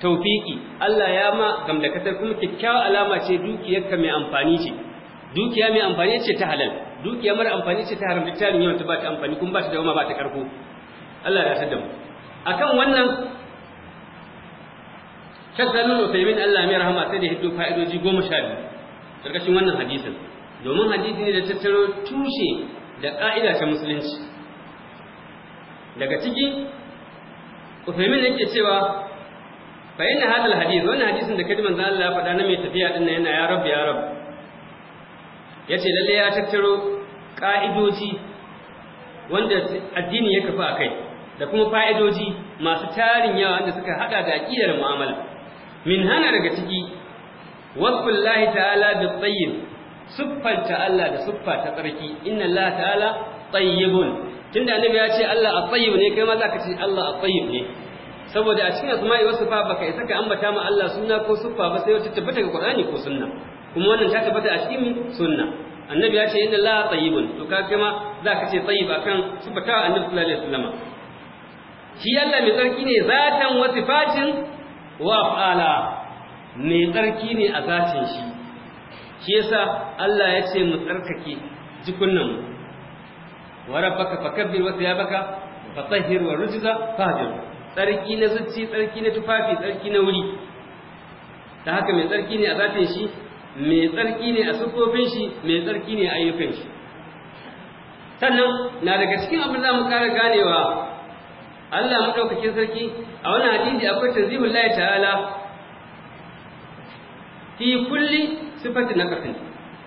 taufiki Allah ya ma gamdakatar kuma kyakkyawa alama ce dukiyarka mai amfani ce dukiya mai amfani ce ta halal dukiya mara amfani ce ta haram littafin yawan ta ba ta amfani kuma ba ta dawoma ba ta karko Allah ya sadda mu akan wannan sai min Allah mai rahama sai da hiddo fa'idoji goma sha biyu karkashin wannan hadisin domin hadisi ne da tattaro tushe da ka'ida ta musulunci daga ciki usaimin yake cewa fa inna hadal hadith wannan hadisin da kalman Allah ya faɗa na mai tafiya din yana ya rabbi ya rabbi ya ce lalle ya tattaro ƙa'idoji wanda addini ya kafa a kai da kuma fa'idoji masu tarin yawa wanda suka haɗa da aƙidar mu'amala min hana daga ciki wasfin lahi ta'ala da tsayin siffanta Allah da siffa ta tsarki inna Allah ta'ala tsayibun tunda annabi ya ce Allah a tsayib ne kai ma za ka ce Allah a tsayib ne saboda a cikin asma'i wasu fa baka isa ka ambata ma Allah suna ko siffa ba sai wata tabbata ga Qur'ani ko sunna kuma wannan ta tabbata a cikin sunna annabi ya ce inna allaha tayyibun to ka kuma za ka ce tayyib akan sifatawa annabi sallallahu alaihi wasallam shi Allah mai tsarki ne zatan wa sifatin wa af'ala mai tsarki ne a zatin shi shi yasa Allah ya ce mu tsarkake jikunan mu wa rabbaka fakabbir wa thiyabaka fatahhir wa rujza fahjur tsarki na zuci tsarki na tufafi tsarki na wuri ta haka mai tsarki ne a zatin shi mai tsarki ne a sufofin shi mai tsarki ne a ayyukan shi sannan na daga cikin abin da mu kara ganewa Allah madaukakin sarki a wani hadisi akwai tanzihul lahi ta'ala fi kulli sifatin naqasin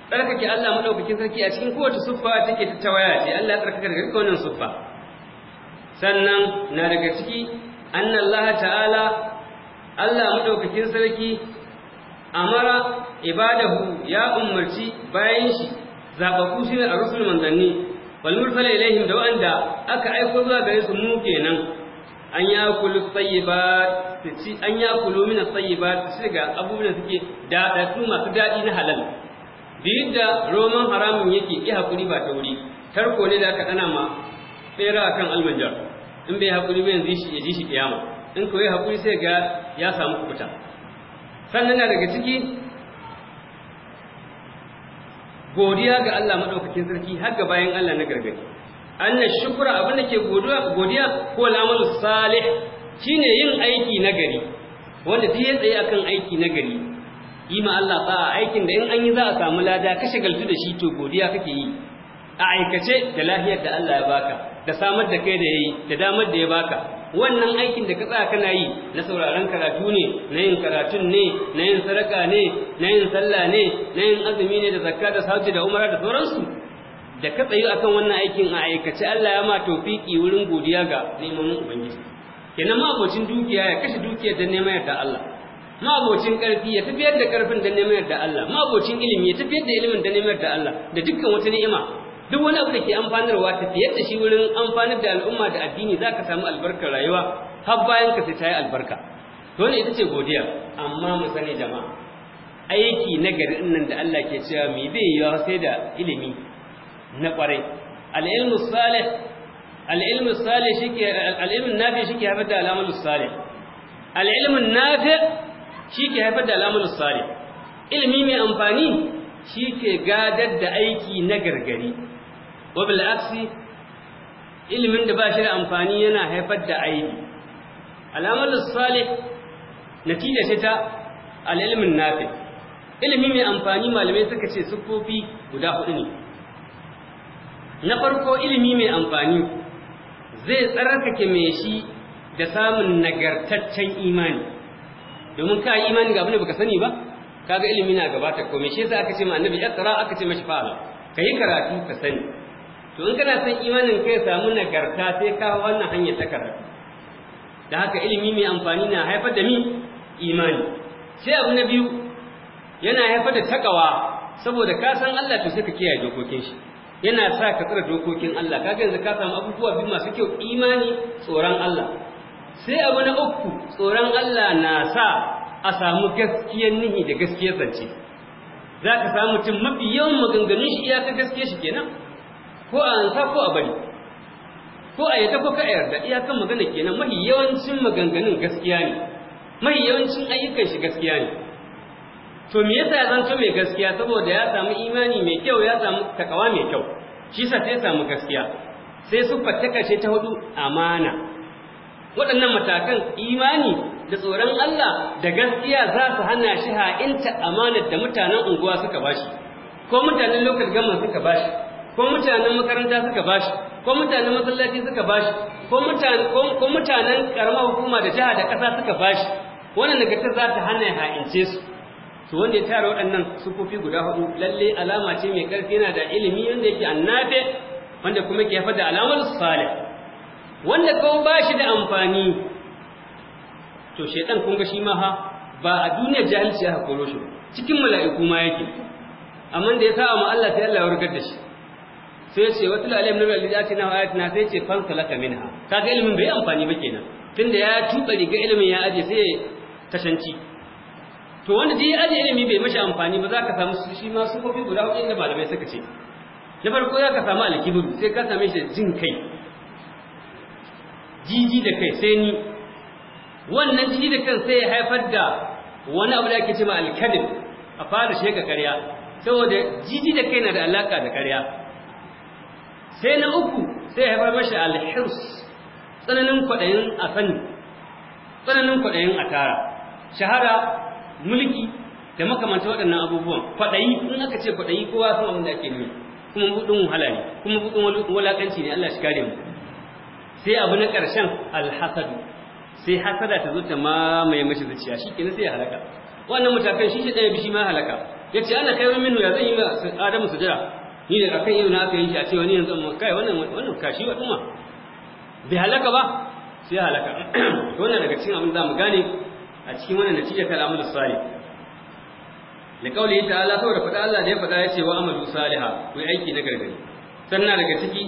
tsarkake Allah madaukakin sarki a cikin kowace siffa take ta tawaya ce Allah ya tsarkaka daga dukkan wannan siffa sannan na daga ciki annallaha ta'ala Allah madaukakin sarki amara ibadahu ya umarci bayan shi shi ne a rusul manzanni walmur mursala ilaihim da wanda aka aiko zuwa gare su mu kenan an ya kulu ba su ci an ya kulu min tayyibat su ga abubuwan suke da masu daɗi na halal biyun da roman haramun yake yi haƙuri ba ta wuri tarko ne da aka ɗana ma tsera akan almanjar in bai haƙuri ba yanzu shi ya ji shi kiyama in kawai haƙuri sai ga ya samu kuta. sannan daga ciki godiya ga Allah madaukakin sarki har ga bayan Allah na gargadi anna shukura, abin da ke godiya godiya ko al'amalu salih shine yin aiki na gari. wanda duk ya tsaye akan aiki na gari yi ma Allah ba aikin da in an yi za a samu lada ka shagaltu da shi to godiya kake yi a aikace da lahiyar da Allah ya baka da samar da kai da yayi da damar da ya baka wannan aikin da ka tsaya kana yi na sauraron karatu ne na yin karatun ne na yin sadaka ne na yin sallah ne na yin azumi ne da zakka da sauti da umara da sauransu da ka tsayu akan wannan aikin a aikace Allah ya ma tofiki wurin godiya ga neman ubangiji kenan ma abocin dukiya ya kashe dukiyar da neman yarda Allah mabocin karfi ya tafiyar da karfin da neman yarda Allah mabocin ilimi ya tafiyar da ilimin da neman yarda Allah da dukkan wata ni'ima duk wani abu da ke amfanarwa ta tafiyar da shi wurin amfanar da al'umma da addini za ka samu albarkar rayuwa har bayan ka sai ta yi albarka dole ita ce godiya amma mu sani jama'a aiki na gari nan da Allah ke cewa me bai yi sai da ilimi na kwarai al-ilmu salih al-ilmu salih shike al-ilmu nafi shike haifar da al-amalu salih al-ilmu nafi shike haifar da al-amalu salih ilimi mai amfani shi ke gadar da aiki na gargari wa bil aksi ilimin da ba shi da amfani yana haifar da aibi alamar salih natija shi ta al nafi ilimi mai amfani malamai suka ce siffofi guda hudu ne na farko ilimi mai amfani zai tsarkake mai shi da samun nagartaccen imani domin ka imani ga abin da baka sani ba kaga ilimi na gabata ko shi yasa aka ce ma annabi tsara aka ce mashi fa'ala kai karatu ka sani to in kana san imanin kai samu nagarta sai ka wannan hanyar ta karatu da haka ilimi mai amfani na haifar da mi imani sai abu na biyu yana haifar da takawa saboda ka san Allah to sai ka kiyaye dokokin shi yana sa ka tsara dokokin Allah kaga yanzu ka samu abubuwa biyu masu kyau imani tsoron Allah sai abu na uku tsoron Allah na sa a samu gaskiyar nihi da gaskiyar zance za ka samu mutum mafi yawan maganganun shi ta gaskiya shi kenan ko a ansa ko a bari ko a yadda ko ka yarda iyakan magana kenan mahi yawancin maganganun gaskiya ne mahi yawancin ayyukan shi gaskiya ne to me yasa ya zanto mai gaskiya saboda ya samu imani mai kyau ya samu takawa mai kyau shi sa sai samu gaskiya sai su fatta ta hudu amana waɗannan matakan imani da tsoron Allah da gaskiya za su hana shi ha'inta amanar da mutanen unguwa suka bashi ko mutanen lokacin gama suka bashi ko mutanen makaranta suka bashi ko mutanen masallaci suka bashi ko mutanen ko mutanen karamar hukuma da jiha da ƙasa suka bashi wannan nagartar za ta hana ya ha'ince su to wanda ya tara waɗannan sufofi guda hudu lalle alama ce mai ƙarfi yana da ilimi wanda yake annabe wanda kuma ke haifar da alamar salih wanda ko bashi da amfani to shaitan kun ga shi ma ha ba a duniyar jahilci ya koro shi cikin mala'iku ma yake amma da ya sa ma Allah sai Allah ya warkar da shi sai ce wata lalim nabi alladhi atina wa ayatina sai ce fan salaka minha kaga ilimin bai amfani ba kenan tunda ya tuba riga ilimin ya aje sai kashanci to wanda ji aje ilimi bai mashi amfani ba za ka samu shi ma su kofi guda hudu inda malamai suka ce na farko za ka samu alkibir sai ka same shi jin kai jiji da kai sai ni wannan jiji da kan sai ya haifar da wani abu da ake cewa alkadim a fara shega karya saboda jiji da kai na da alaka da karya sai na uku sai ya haifar mashi alhirs tsananin kwaɗayin a sani tsananin kwaɗayin a tara shahara mulki da makamanta waɗannan abubuwan kwaɗayi in aka ce kwaɗayi kowa sun abin da ake nuna kuma buɗin wahala ne kuma buɗin wulaƙanci ne Allah shi kare mu sai abu na ƙarshen alhasadu sai hasada ta zo ta mamaye mashi zuciya shi kenan sai ya halaka wannan mutakan shi shi ɗaya bishi ma halaka ya ce ana kai min ya zan yi ma adamu sujada ni da akan ido na aka yi shi a ce wani yanzu amma kai wannan wannan kashi wa duma bai halaka ba sai halaka wannan daga cikin abin da mu gane a cikin wannan natija ta al'amul salih da kauli ta'ala saboda faɗa Allah da ya faɗa ya ce wa amalu salihah ku aiki na gargari sannan daga ciki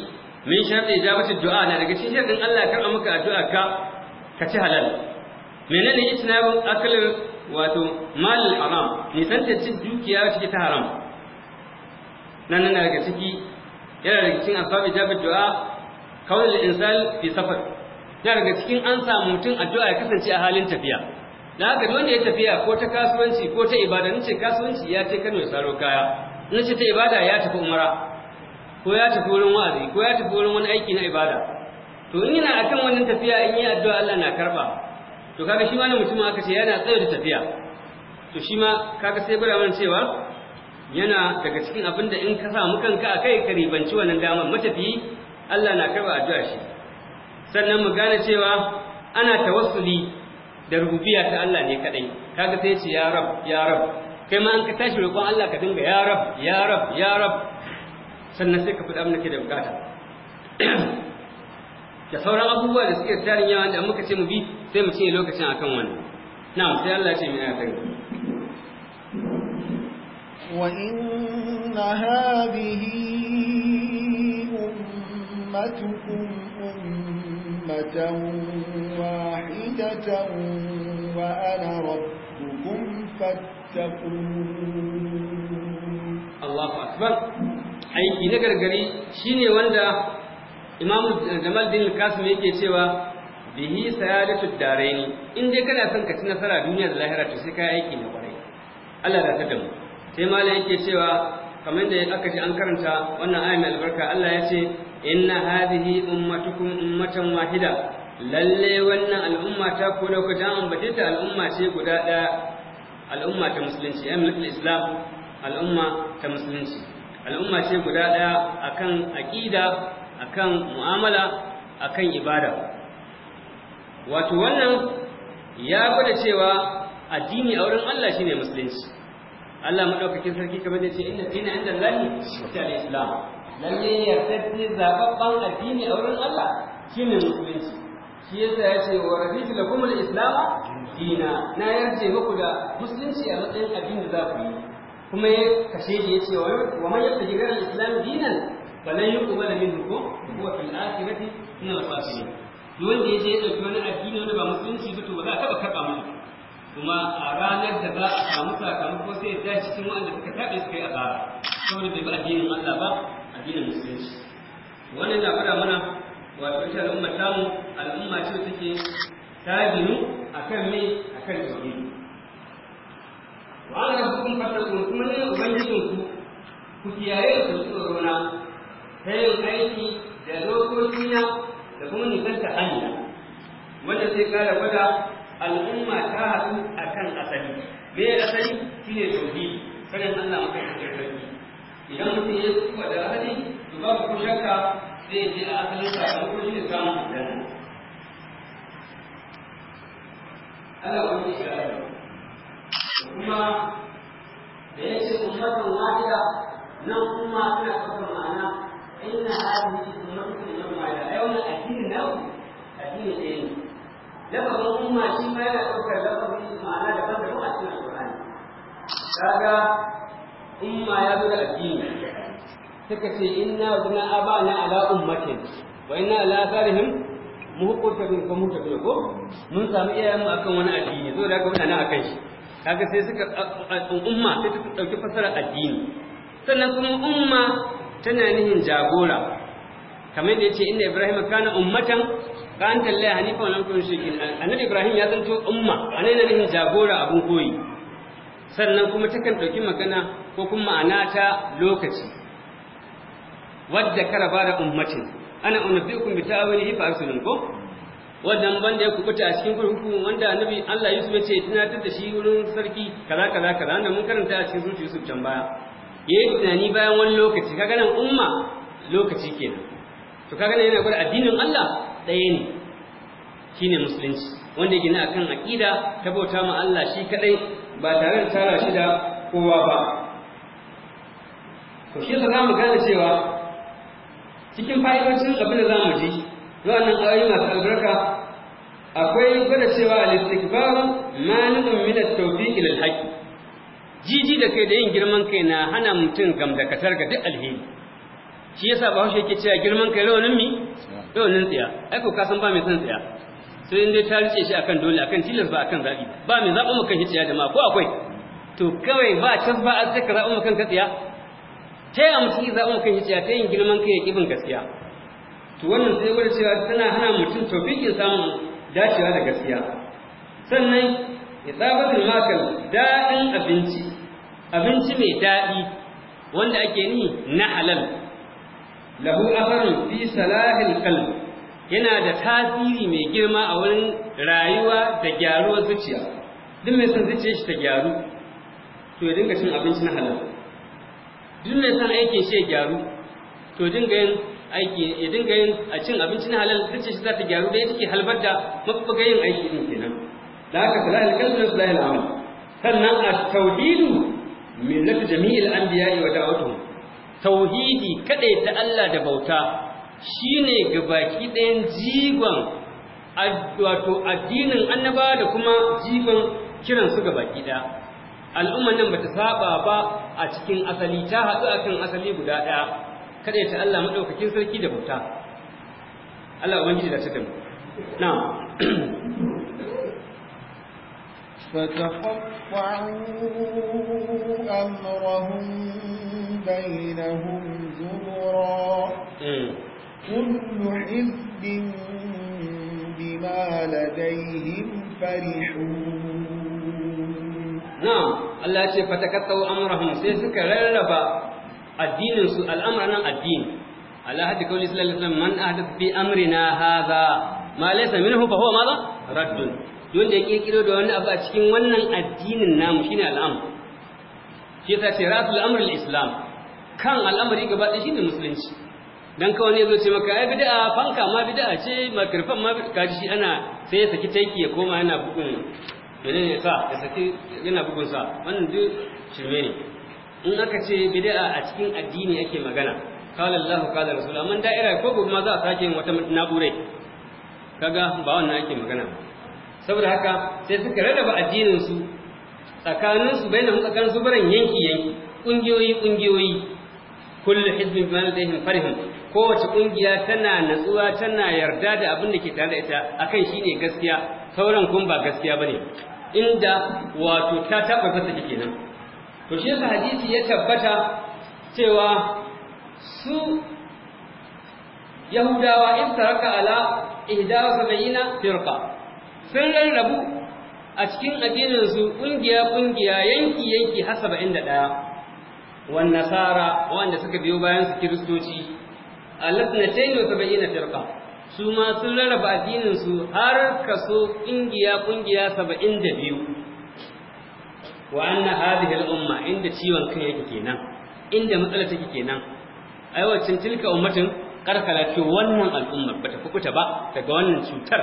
min sharɗi ijabati du'a na daga cikin sharɗin Allah kar a maka addu'a ka ka ci halal menene ijtinabun akal wato mal haram ta cin dukiya take ta haram nan nan daga ciki yana daga cikin asbab ijabat du'a kawai al-insan fi safar yana daga cikin an samu mutum addu'a ya kasance a halin tafiya da haka wanda ya tafiya ko ta kasuwanci ko ta ibada nace kasuwanci ya ce Kano ya saro kaya nace ta ibada ya tafi umara ko ya tafi wurin wa'azi ko ya tafi wurin wani aiki na ibada to in yana akan wannan tafiya in yi addu'a Allah na karba to kaga shi ma mutum aka ce yana tsaye da tafiya to shi ma kaga sai gura mana cewa yana daga cikin abin da in ka samu kanka a kai ka ribanci wannan damar matafiyi Allah na karɓa addu'a shi sannan mu gane cewa ana tawassuli da rububiyya ta Allah ne kadai kaga sai ce ya rab ya rab kai ma an ka tashi roƙon Allah ka dinga ya rab ya rab ya rab sannan sai ka fi amna ke da bukata da sauran abubuwa da suke tarin yawa da muka ce mu bi sai mu cinye lokacin akan wannan na'am sai Allah ya ce mu ya kai وإن هذه أمتكم أمة واحدة وأنا ربكم فاتقون الله أكبر aiki na gargari shine wanda imam jamal din kasim yake cewa bihi sayadatu ne, in dai kana son ka ci nasara duniya da lahira to sai kai aiki na kwarai Allah ya sai malam yake cewa kamar da aka ji an karanta wannan ayat mai albarka Allah ya ce inna hadhihi ummatukum ummatan wahida lalle wannan al'umma ta ko ku an bace ta al'umma ce guda ɗaya al'umma ta musulunci ya mulki islam al'umma ta musulunci al'umma ce guda ɗaya akan aqida akan mu'amala akan ibada wato wannan ya gwada cewa addini a wurin Allah shine musulunci Allah madaukakin sarki kamar da ce inna dina inda lahi ta islam lalle yarda zababban addini a wurin Allah shine musulunci shi yasa ya ce wa rafitu lakum al-islam dina na yarje muku da musulunci a matsayin addini za ku yi kuma ya kashe da ya ce wa man yabtaji ghayra al-islam dinan falan yuqbala minhu huwa fil akhirati min al-khasirin wanda ya je ya dauki wani addini wanda ba musulunci ba to ba za a taba karba mana kuma a ranar da za a samu sakamako sai ya tashi cikin wanda suka taɓe suka yi asara saboda bai bi addinin Allah ba addinin musulunci wannan na fara mana wato ita al'umma tamu al'umma ce take ta ginu akan me akan tauhid wa an rabbukum fatakun kuma ne ubangijin ku ku kiyaye ku tsorona ta yin aiki da lokokina da kuma nisanta hanya wanda sai kara gwada al'umma ta haɗu akan asali me asali shine tauhidi sanin Allah maka kake sarki idan mutum ya tsufa da hali to babu ku shakka zai je a asalin sakamakon shi ne samun aljanna Allah ko ne ga kuma da ya ce ummatun wahida nan kuma suna kafa ma'ana inna hadhihi ummatun yawma la yawma addinin nawu addinin ɗaya ne lafazin umma shi ma yana ɗaukar lafazin ma'ana daban daban a cikin alƙur'ani kaga umma ya zo da addini suka ce inna zuna abana ala ummatin wa inna ala asarihim muhukuntabin ko muhukuntabin ko mun samu iyayenmu akan wani addini zo da aka mutane akan shi kaga sai suka umma sai suka ɗauki fasara addini sannan kuma umma tana nihin jagora kamar yadda yace inna ibrahim kana ummatan qanta lillahi hanifan wa lam yakun shirkin annabi ibrahim ya zanto umma anan ne nihin jagora abun koyi sannan kuma takan dauki magana ko kuma ma'ana ta lokaci wadda kara ba da ummatin ana unabbiukum bi ta'awilihi fa arsulun ko wannan banda ya kubuta a cikin kurkuku wanda annabi Allah Yusuf ya ce tunatar da shi wurin sarki kaza kaza kaza wanda mun karanta a cikin zuciyar Yusuf can baya yayi tunani bayan wani lokaci kaga nan umma lokaci kenan to kaga ne yana gwada addinin Allah ɗaya ne shine musulunci wanda yake na akan aqida ta bauta ma Allah shi kadai ba tare da tara shi da kowa ba to shi za mu gane cewa cikin fa'idocin abin da za mu ji wannan ayoyi masu albarka akwai gwada cewa al-istikbaru mani'un min at-tawfiq ila al-haqq jiji da kai da yin girman kai na hana mutum gamdakatar ga duk alheri shi yasa ba shi yake cewa girman kai rawanin mi rawanin tsiya ai ko kasan ba mai san tsiya sai in dai ta rice shi akan dole akan tilas ba akan zabi ba mai zaɓa mu kan shi da jama'a ko akwai to kawai ba tas ba a saka zaɓa mu kan ka tsiya ta yi amsi zaɓa mu kan shi tsaya ta yin girman kai ya kibin gaskiya to wannan sai wani cewa tana hana mutum tofikin samun dacewa da gaskiya sannan isabatul makal daɗin abinci abinci mai daɗi wanda ake ni na halal lahu afarun fi salahil qalb yana da tasiri mai girma a wurin rayuwa da gyaruwar zuciya duk mai son zuciyar shi ta gyaru to ya dinga cin abinci na halal duk mai son aikin shi ya gyaru to dinga yin aiki ya dinga yin a cin abinci na halal zuciyar shi za ta gyaru da ya take halbar da mafi yin aiki din kenan da haka salahil qalb da salahil amal sannan at min millatu jami'il anbiya'i wa da'watuhum tauhidi kaɗai ta Allah da bauta shine gabaki ɗayan jigon wato addinin annaba da kuma jigon kiran su ga baki ɗaya al'umman nan bata saba ba a cikin asali ta haɗu akan asali guda ɗaya kaɗai ta Allah maɗaukakin sarki da bauta Allah ubangiji da ta mu na'am فتقطعوا أمرهم بينهم زبرا كل حزب بما لديهم فرحون نعم الله يقول فتقطعوا أمرهم سيسك لا الدين الأمر أنا الدين على هذا قول صلى الله عليه وسلم من أحدث في أمرنا هذا ما ليس منه فهو ماذا رد don da ya kirkiro da wani abu a cikin wannan addinin namu shine al'amr shi ta ce rasul amr al-islam kan al'amari gaba ɗaya shine musulunci dan kawai ne zo ce maka ai bid'a fanka ma bid'a ce karfan ma kaji shi ana sai ya saki taiki ya koma yana bugun ne sa ya saki yana bugun sa wannan duk shirme ne in aka ce bid'a a cikin addini ake magana qala allah qala rasul ko gobe ma za a sake wata naburai kaga ba wannan ake magana saboda haka sai suka rarraba addininsu tsakaninsu bai da tsakanin su baran yanki yanki ƙungiyoyi ƙungiyoyi kullu hizbin bima ladaihim farihun kowace ƙungiya tana natsuwa tana yarda da abin da ke tare da ita akan shi ne gaskiya sauran kun ba gaskiya bane inda wato ta taɓa fasa take kenan to shi yasa hadisi ya tabbata cewa su yahudawa in taraka ala ihda wa firqa sun rarrabu a cikin addininsu ƙungiya ƙungiya yanki yanki har saba'in ɗaya wan nasara wanda suka biyo bayan su kiristoci alasna tainu saba'ina firqa su ma sun rarraba addininsu har kaso ƙungiya ƙungiya saba'in da biyu wa anna hadhihi al-umma inda ciwon kai yake kenan inda matsala take kenan ai wacin tilka ummatin karkala ce wannan al'ummar bata kukuta ba daga wannan cutar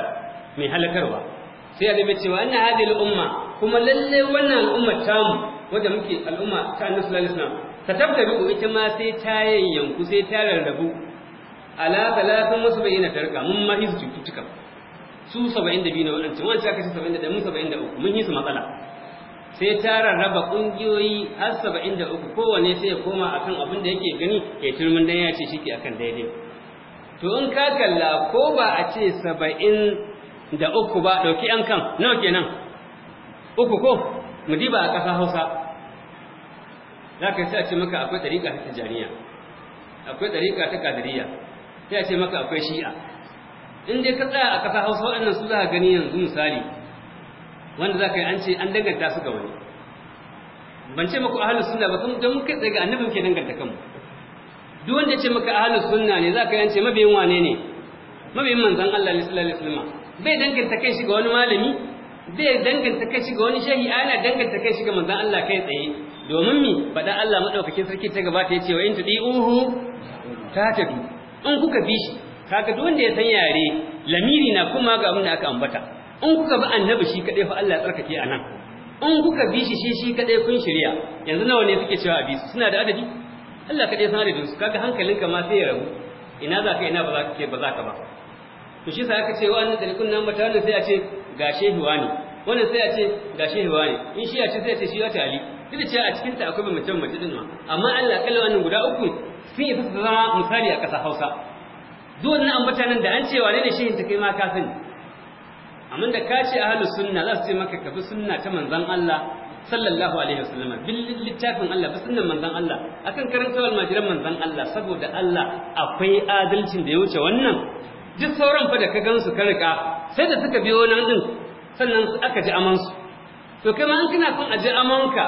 mai halakarwa sai annabi ce wa anna hadhihi al-umma kuma lalle wannan al'umma tamu wanda muke al'umma ta annabi sallallahu alaihi wasallam ta tabbabi ita ma sai ta yayyanku sai ta rarrabu ala talatin wasu bayyana tarka mun ma hisu cututtuka su 72 na wannan cin wancan kashi 71 mun 73 mun yi su matsala sai ta rarraba kungiyoyi har saba'in da uku kowane sai ya koma akan abin da yake gani ya turmin dan ya ce shi ke akan daidai to in ka kalla ko ba a ce saba'in da uku ba ɗauki ‘yan kan nawa kenan uku ko mu diba a ƙasa hausa za ka sai a ce maka akwai ɗariƙa ta tijaniya akwai ɗariƙa ta kadiriya sai a ce maka akwai shi'a in dai ka tsaya a ƙasa hausa waɗannan su za ka gani yanzu misali wanda za ka yi an ce an danganta su ga wani ban ce maka ahalus sunna ba don mun kai tsaye ga annabi muke danganta kanmu duk wanda ya ce maka ahalus sunna ne za ka yi an ce mabiyin wane ne mabiyin manzon Allah sallallahu alaihi wasallam bai danganta kai shi ga wani malami bai danganta kai shi ga wani shehi ana danganta kai shi ga manzon Allah kai tsaye domin mi faɗa Allah madaukakin sarki ta gabata ya ce wa in uhu ta tafi in kuka bi shi kaga duk wanda ya san yare lamiri na kuma ga abin da aka ambata in kuka bi annabi shi kadai fa Allah ya tsarkake nan. in kuka bi shi shi shi kadai kun shirya yanzu nawa ne suke cewa bi suna da adadi Allah kadai san adadin su kaga hankalinka ma sai ya rabu ina za ka ina ba za ka ba za ka ba to shi sai aka ce wa annabi tarikun nan mata wannan sai a ce ga shehu ne. wannan sai a ce ga shehu ne. in shi a ce sai a ce shi wata ali duk da cewa a cikin ta akwai mutum mace din ma amma Allah kallon wannan guda uku sun yi su zama misali a ƙasa Hausa duk wannan ambata nan da an ce wane ne shehin ta kai ma ka sani amma da ka ce ahlus sunna za su ce maka ka bi sunna ta manzon Allah sallallahu alaihi wasallam bil littafin Allah bi sunnan manzon Allah akan karantawar majiran manzon Allah saboda Allah akwai adalcin da ya wuce wannan duk sauran fa da ka gansu ka rika sai da suka biyo nan din sannan aka ji amansu to kai ma an kana son aje ji amanka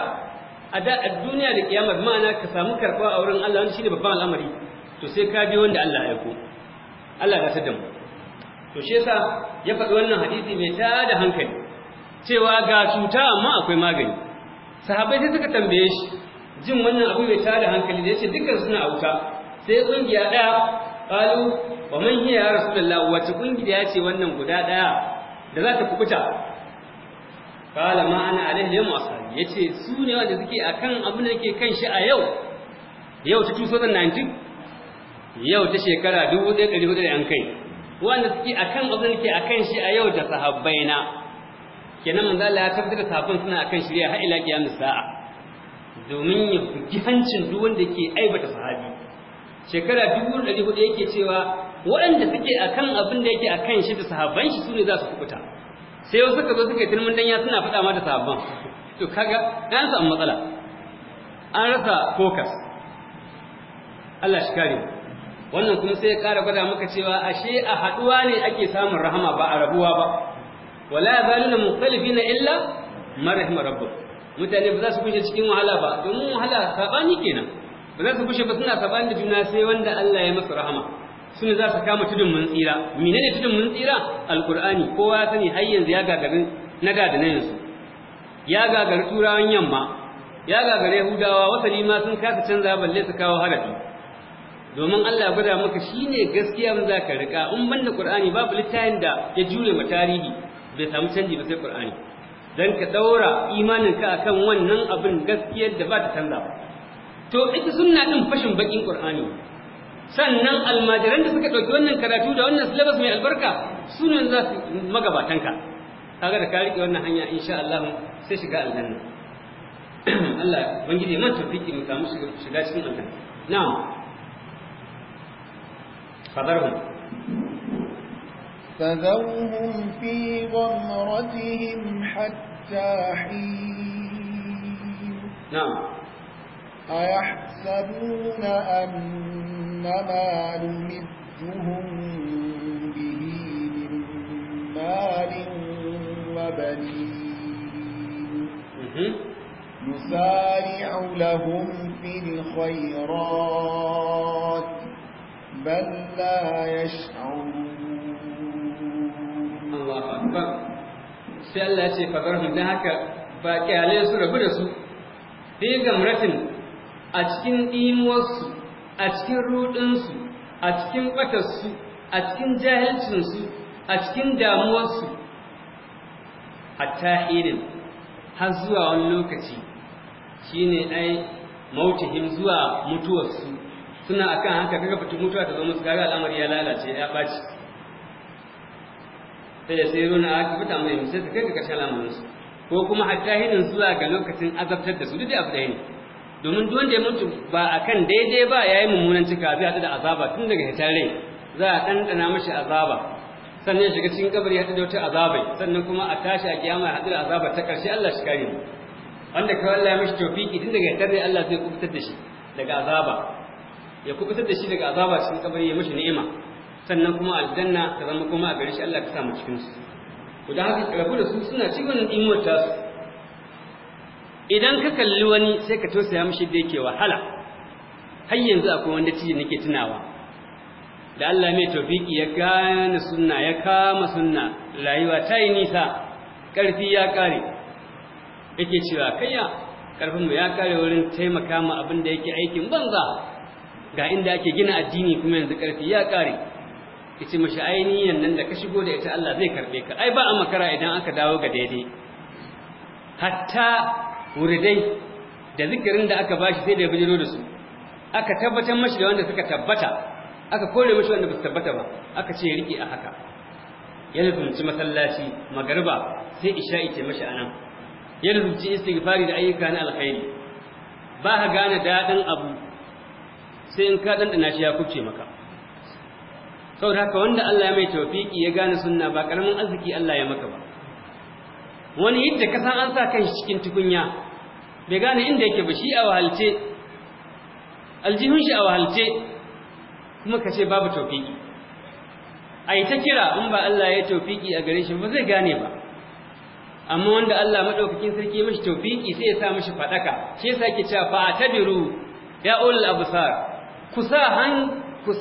a da a duniya da kiyama bi ma'ana ka samu karɓa a wurin Allah wanda shine babban al'amari to sai ka biyo wanda Allah ya aiko Allah ya sadda mu to shi yasa ya faɗi wannan hadisi mai tada hankali cewa ga cuta amma akwai magani sahabbai sai suka tambaye shi jin wannan abu mai tada hankali da yace dukkan suna auta sai kungiya daya Kalu, wa man hiya ya rasu rasulullah wace kungiya ce wannan guda ɗaya da za ta kubuta Kala ma ana alaihi yawm ya ce su ne wanda suke akan abin da ke kan shi a yau yau ta 2019 yau ta shekara 1400 an kai wanda suke akan abin da a kan shi a yau da sahabbaina kenan manzo Allah ya tabbata sahabban suna akan shari'a har ila kiyamis sa'a domin ya fuki hancin duk wanda ke aibata sahabi shekara dubu ɗari hudu yake cewa waɗanda suke a kan abin da yake akan shi da sahabban shi su ne za su kubuta sai wasu ka zo suka yi tilmin danya suna faɗa ma da sahabban to kaga an samu matsala an rasa focus Allah shi kare wannan kuma sai ya ƙara gwada maka cewa ashe a haɗuwa ne ake samun rahama ba a rabuwa ba wala yazaluna mukhtalifina illa marhama rabbuk mutane ba za su kunshi cikin wahala ba domin wahala sabani kenan ba za su kushe ba suna saban da juna sai wanda Allah ya masa rahama su za su kama tudun mun tsira ne tudun mun tsira alqur'ani kowa sani har yanzu ya gagarin na da da yanzu ya gagari turawan yamma ya gagari yahudawa wasali ma sun kasa canza balle su kawo harafi domin Allah gwada maka shine gaskiya mun za ka rika in ban da qur'ani babu littafin da ya jure ma tarihi bai samu canji ba sai qur'ani dan ka daura imaninka akan wannan abin gaskiyar da ba ta canza to ita sunna din fashin bakin qur'ani sannan almajiran da suka dauki wannan karatu da wannan syllabus mai albarka su za su magabatan ka, kaga da ka rike wannan hanya insha Allah sai shiga aljanna Allah ubangiji man tafiki mu samu shiga cikin aljanna na'am fadarhum فذوهم في غمرتهم حتى حين نعم أيحسبون أن ما نمدهم به من مال وبنين نسارع لهم في الخيرات بل لا يشعرون الله أكبر sai Allah ya ce fadarhum برسو haka ba a cikin imuwarsu a cikin ruɗinsu a cikin ɓatarsu a cikin jahilcinsu a cikin damuwarsu hatta hinin har zuwa wani lokaci ne ai mautihim zuwa mutuwarsu suna akan haka kaga fito mutuwa ta zo musu kaga al'amari ya lalace ya ɓaci sai da sai runa aka fita mai sai ta kai ga kashe al'amarinsu ko kuma hatta hinin zuwa ga lokacin azabtar da su duk da abu ɗaya ne domin duk wanda ya mutu ba akan daidai ba yayi mummunan cika zai hadu da azaba tun daga hitar rai za a dandana mashi azaba sannan shiga cikin kabari ya hadu da wata azabai sannan kuma a tashi a kiyama ya hadu da azaba ta karshe Allah shi kare mu wanda kawai Allah ya mishi tawfiki tun daga hitar rai Allah zai kubutar da shi daga azaba ya kubutar da shi daga azaba cikin kabari ya mishi ni'ima sannan kuma aljanna ta zama kuma a gari shi Allah ka sa mu cikin su ku da haka rabu da su suna cikin imuwar idan ka kalli wani sai ka tausaya mishi da yake wahala har yanzu akwai wanda ciki nake tunawa da Allah mai tawfiki ya gane sunna ya kama sunna rayuwa ta yi nisa ƙarfi ya ƙare yake cewa kayya ƙarfinmu ya ƙare wurin taimaka ma abin da yake aikin banza ga inda ake gina addini kuma yanzu ƙarfi ya ƙare yace mashi ainihin nan da ka shigo da ita Allah zai karɓe ka ai ba a makara idan aka dawo ga daidai hatta wuridai da zikirin da aka bashi sai da ya bijiro da su aka tabbatar mashi da wanda suka tabbata aka kore mashi wanda ba su tabbata ba aka ce ya rike a haka ya lubunci masallaci magariba sai isha'i ce mashi anan ya lubunci istighfari da ayyuka na alkhairi ba ka gane daɗin abu sai in ka ɗanɗana shi ya kuce maka saboda haka wanda Allah ya mai tawfiki ya gane sunna ba karamin arziki Allah ya maka ba wani yadda ka san an sa kan cikin tukunya bai gane inda yake ba shi a wahalce aljihun shi a wahalce kuma ka ce babu taufiki a yi ta kira in ba Allah ya taufiki a gare shi ba zai gane ba amma wanda Allah maɗaukakin sarki mashi taufiki sai ya sa mashi faɗaka, shi yasa yake cewa fa biru ya ulul absar kusa han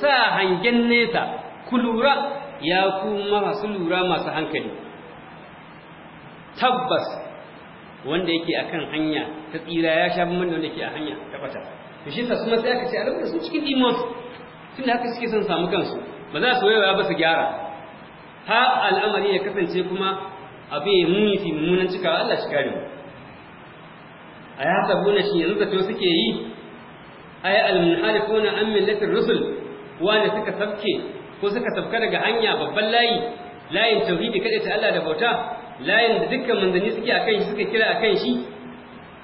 sa hangen nesa ku lura ya ku masu lura masu hankali tabbas wanda yake akan hanya ta tsira ya sha bamban da wanda yake a hanya ta bata to shi sassu sai ce a lokacin sun cikin tun tunda haka suke son samu kansu ba za su waiwaya ba su gyara ha al'amari ya kasance kuma abin ya muni fi mummunan cikawa Allah shi kare a ya sabu na shi yanzu zato suke yi a yi almunhalifuna an millatin rusul wanda suka sabke ko suka sabka daga hanya babban layi layin tauhidi kaɗai ta Allah da bauta layin da dukkan manzanni suke akan shi suka kira akan shi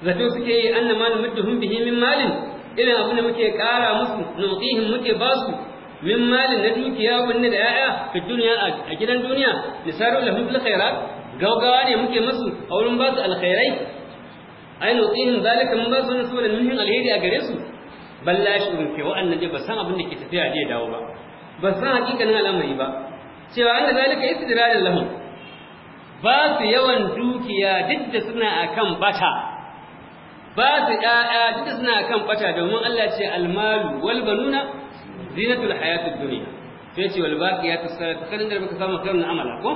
zato suke yi annama numudduhum bihi min malin irin abin da muke kara musu nuqihim muke basu min malin na dukiya wanda da ya'ya fi duniya a gidan duniya nisaru lahum fil khairat gaugawa ne muke musu a wurin basu alkhairai ai nuqihim zalika mun basu nasu da nuhin alheri a gare su balla shurun ke wa'annan dai ba san abin da ke tafiya da ya dawo ba ba san hakikanin al'amari ba cewa anna zalika istidrarul lahum ba su yawan dukiya duk da suna akan bata ba su ƴaƴa duk da suna akan bata domin Allah ce almalu wal banuna zinatul hayatul duniya sai ce wal baqiyatus ta kanin da baka samu na amala ko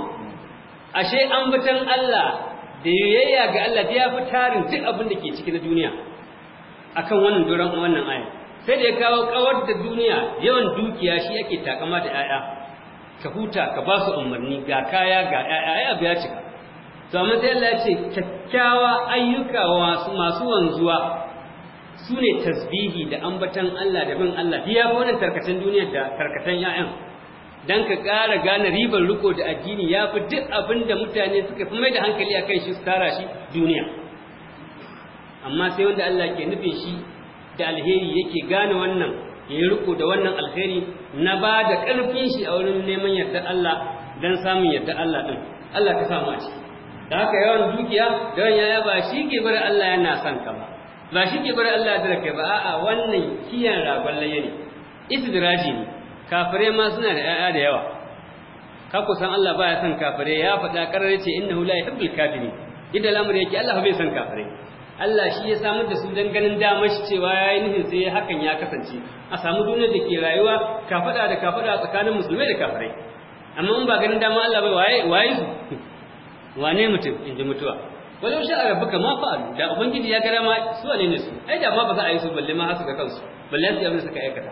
ashe an batan Allah da yayya ga Allah ya fi tarin duk abin da ke ciki na duniya akan wannan duran wannan aya sai da ya kawo kawar da duniya yawan dukiya shi yake takama da ƴaƴa. ka huta ka ba su umarni ga kaya ga 'ya'ya abu ya cika to amma sai Allah ya ce kyakkyawa ayyuka masu wanzuwa su ne tasbihi da ambatan Allah da bin Allah biya wannan tarkacen duniya da tarkacen ya'yan dan ka kara gane ribar riko da addini ya fi duk abin da mutane suka fi mai da hankali a kai shi su tara shi duniya amma sai wanda Allah ke nufin shi da alheri yake gane wannan ya yi da wannan alheri na ba da ƙarfin shi a wurin neman yarda Allah don samun yarda Allah ɗin Allah ka samu a ciki da haka yawan dukiya da yaya ba shi ke bar Allah yana son ka ba ba shi ke bar Allah da kai ba a'a wannan kiyan ragon laye ne istidraji ne kafare ma suna da 'ya'ya da yawa ka kusan Allah baya son kafare? ya faɗa ƙarar ce innahu la yuhibbul kafirin idan lamarin yake Allah bai son kafare. Allah shi ya samar da su don ganin damar shi cewa ya yi nufin sai hakan ya kasance a samu duniyar da ke rayuwa kafada da kafada tsakanin musulmai da kafirai amma in ba ganin dama Allah bai waye waye su wane mutum in ji mutuwa shi a rabbuka ma fa'alu da ubangiji ya gara ma su wane ne su ai da ma ba za a yi su balle ma har su ga kansu balle su abin suka aikata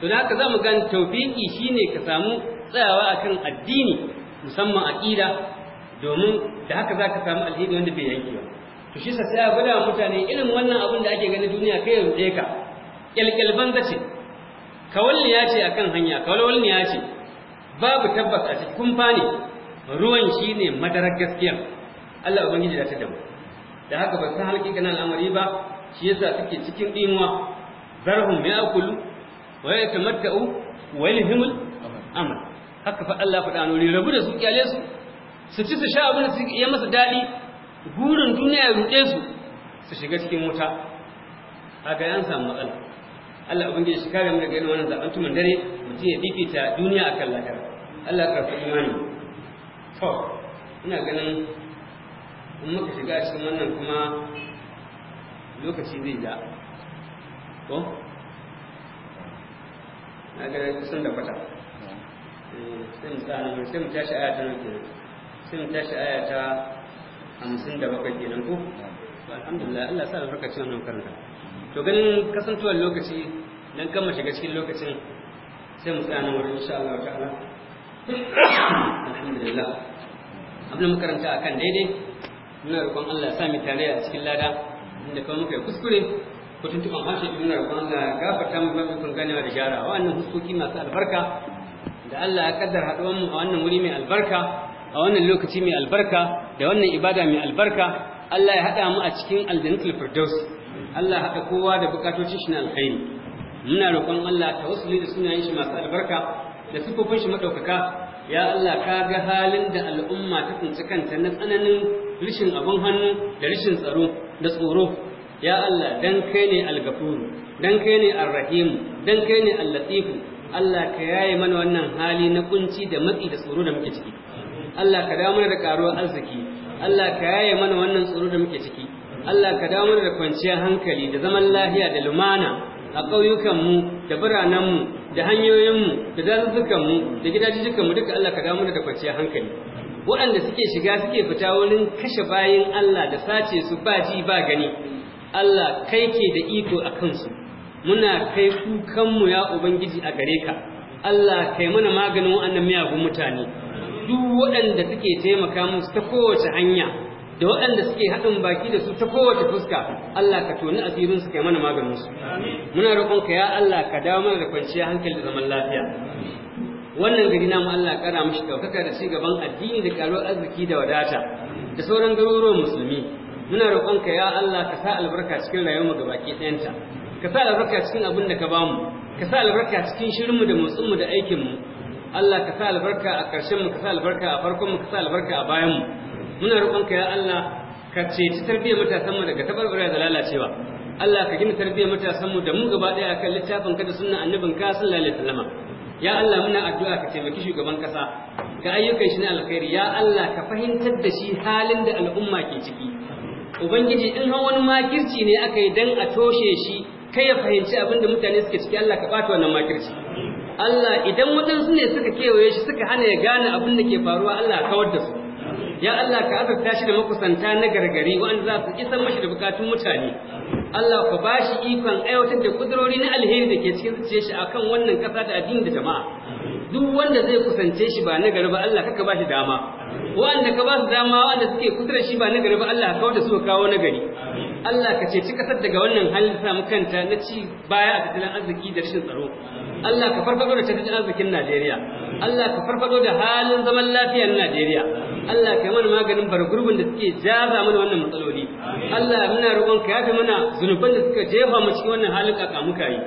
to da haka zamu gan tawfiki shine ka samu tsayawa akan addini musamman aqida domin da haka zaka samu alheri wanda bai yanke ba to shi sai ya gwada mutane irin wannan abin da ake gani duniya kai ruɗe ka kyalkyal banza ce ya ce akan hanya ya ce babu tabbas a cikin fani ruwan shi ne madarar gaskiya Allah ubangiji da ta damu da haka ba san kana al'amari ba shi yasa suke cikin dimuwa zarhum ya'kulu wa yatamatta'u wa yalhimul amal haka fa Allah faɗa nuri rabu da su kyale su su ci su sha abin da su iya masa dadi. burin duniya ruɗe su su shiga cikin wuta A ga yan samu matsala Allah da ya shiga mu daga irin wannan zaben tumar dare mutum ya fifita duniya akan lahira Allah ka fi imani to ina ganin in muka shiga cikin wannan kuma lokaci zai ja ko na ga kusan da fata eh, sai mu tsaya sai mu tashi aya ta nan kenan sai mu tashi aya ta hamsin da bakwai kenan ko alhamdulillah Allah sa cikin wannan karanta to ganin kasantuwar lokaci dan kan shiga cikin lokacin sai mu tsaya nan wurin insha Allah ta'ala alhamdulillah abin mu karanta akan daidai muna roƙon Allah ya sa mu tare a cikin lada inda kuma muka yi kuskure ko tuntuɓan harshe muna roƙon Allah ya gafarta mu babu kun ganewa da gyara wa'annan huskoki masu albarka da Allah ya kaddar haɗuwar mu a wannan wuri mai albarka a wannan lokaci mai albarka da wannan ibada mai albarka Allah ya haɗa mu a cikin aljannatul firdaus Allah haɗa kowa da bukatocin shi na alkhairi muna roƙon Allah ta wasuli da sunayen shi masu albarka da sifofin shi madaukaka ya Allah ka ga halin da al'umma ta tsinci kanta na tsananin rishin abun hannu da rishin tsaro da tsoro ya Allah dan kai ne al dan kai ne ar-rahim dan kai ne al Allah ka yaye mana wannan hali na kunci da matsi da tsoro da muke ciki Allah ka dawo mana da karuwar arziki Allah ka yaye mana wannan tsoro da muke ciki Allah ka dawo mana da kwanciyar hankali da zaman lafiya da lumana a ƙauyukanmu da biranenmu da hanyoyinmu da dazuzzukanmu da gidajikanmu duka Allah ka dawo mana da kwanciyar hankali waɗanda suke shiga suke fita wurin kashe bayin Allah da sace su ba ji ba gani Allah kai ke da iko a kansu muna kai kukanmu ya ubangiji a gare ka Allah kai mana maganin waɗannan miyagun mutane duk waɗanda suke taimaka musu ta kowace hanya da waɗanda suke haɗin baki da su ta kowace fuska Allah ka toni asirin su kai mana maganin su muna roƙon ka ya Allah ka dawo mana da kwanciyar hankali da zaman lafiya wannan gari namu Allah ƙara mishi ɗaukaka da ci gaban addini da ƙaruwar arziki da wadata da sauran garuruwan musulmi muna roƙon ka ya Allah ka sa albarka cikin ga baki ɗayanta ka sa albarka cikin abin da ka bamu ka sa albarka cikin shirinmu da motsinmu da aikinmu Allah ka sa albarka a ƙarshen mu ka sa albarka a farkon mu ka sa albarka a bayan mu muna roƙonka ya Allah ka ceci tarbiyyar matasan mu daga tabarbara da lalacewa Allah ka gina tarbiyyar matasan mu da mu gaba ɗaya akan littafin ka da sunnan annabin ka sallallahu alaihi wasallama ya Allah muna addu'a ka taimaki shugaban ƙasa. ga ayyukan shi na alkhairi ya Allah ka fahimtar da shi halin da al'umma ke ciki ubangiji in har wani makirci ne aka yi dan a toshe shi kai ya fahimci abin da mutane suke ciki Allah ka bata wannan makirci Allah idan waɗansu ne suka kewaye shi suka hana ya gane abin da ke faruwa Allah kawar da su ya Allah ka azurta shi da makusanta na gargari wanda za su isan mashi da bukatun mutane Allah ka ba shi ikon aiwatar da kudurori na alheri da ke cikin zuciyar shi akan wannan kasa da addini da jama'a duk wanda zai kusance shi ba na gari ba Allah kaka ba shi dama wanda ka ba su dama wanda suke kudurar shi ba na gari ba Allah ka da su kawo na gari Allah ka ceci kasar daga wannan halin samu kanta na ci baya a tattalin arziki da rashin tsaro Allah ka farfado da tattalin arzikin Najeriya Allah ka farfado da halin zaman lafiyar Najeriya Allah ka yi mana maganin bargurbin da suke jaza mana wannan matsaloli Allah muna roƙon ka yafe mana zunuban da suka jefa mu cikin wannan halin ka muka yi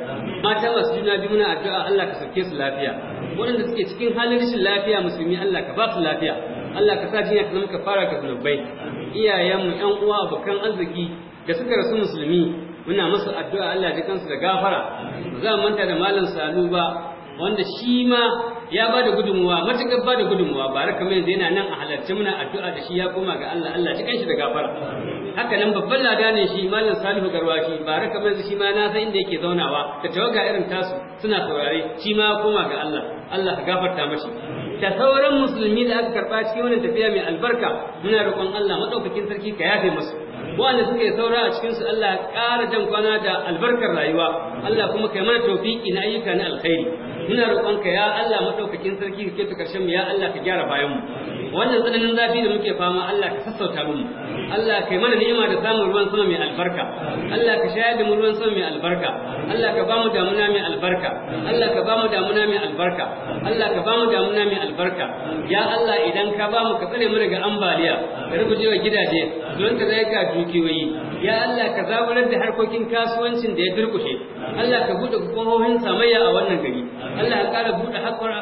mata masu juna biyu muna addu'a Allah ka sauke su lafiya waɗanda suke cikin halin rashin lafiya musulmi Allah ka ba su lafiya Allah ka sa jinya ka zama ka fara ka zunubai iyayenmu ƴan uwa abokan arziki da suka rasu musulmi muna masa addu'a Allah ji kansu da gafara ba za mu manta da malam Salu ba wanda shi ma ya ba da gudunmuwa matuƙar ba da gudunmuwa ba raka mai yana nan a halarci muna addu'a da shi ya koma ga Allah Allah ji shi da gafara haka nan babban lada ne shi malam Salihu Garwashi ba raka mai shi ma na san inda yake zaunawa ta tawaga irin tasu suna saurare shi ma ya koma ga Allah Allah ka gafarta mashi da sauran musulmi da aka karɓa cikin wannan tafiya mai albarka muna roƙon Allah madaukakin sarki ka yafe musu wanda suke saura a cikinsu Allah ya ƙara jan kwana da albarkar rayuwa Allah kuma kai mana tofi na ayyuka na alkhairi muna roƙonka ya Allah madaukakin sarki ka ta karshen mu ya Allah ka gyara bayan mu wannan tsananin zafi da muke fama Allah ka sassauta mu Allah kai mana ni'ima da samun ruwan sama mai albarka Allah ka shayar da mu ruwan sama mai albarka Allah ka bamu damuna mai albarka Allah ka bamu damuna mai albarka Allah ka bamu damuna mai albarka ya Allah idan ka bamu ka tsare mu daga ambaliya ka wa gidaje don ka zai ka dukiyoyi ya Allah ka zaburar da harkokin kasuwancin da ya durkushe Allah ka bude kofofin samayya a wannan gari Allah ka kara bude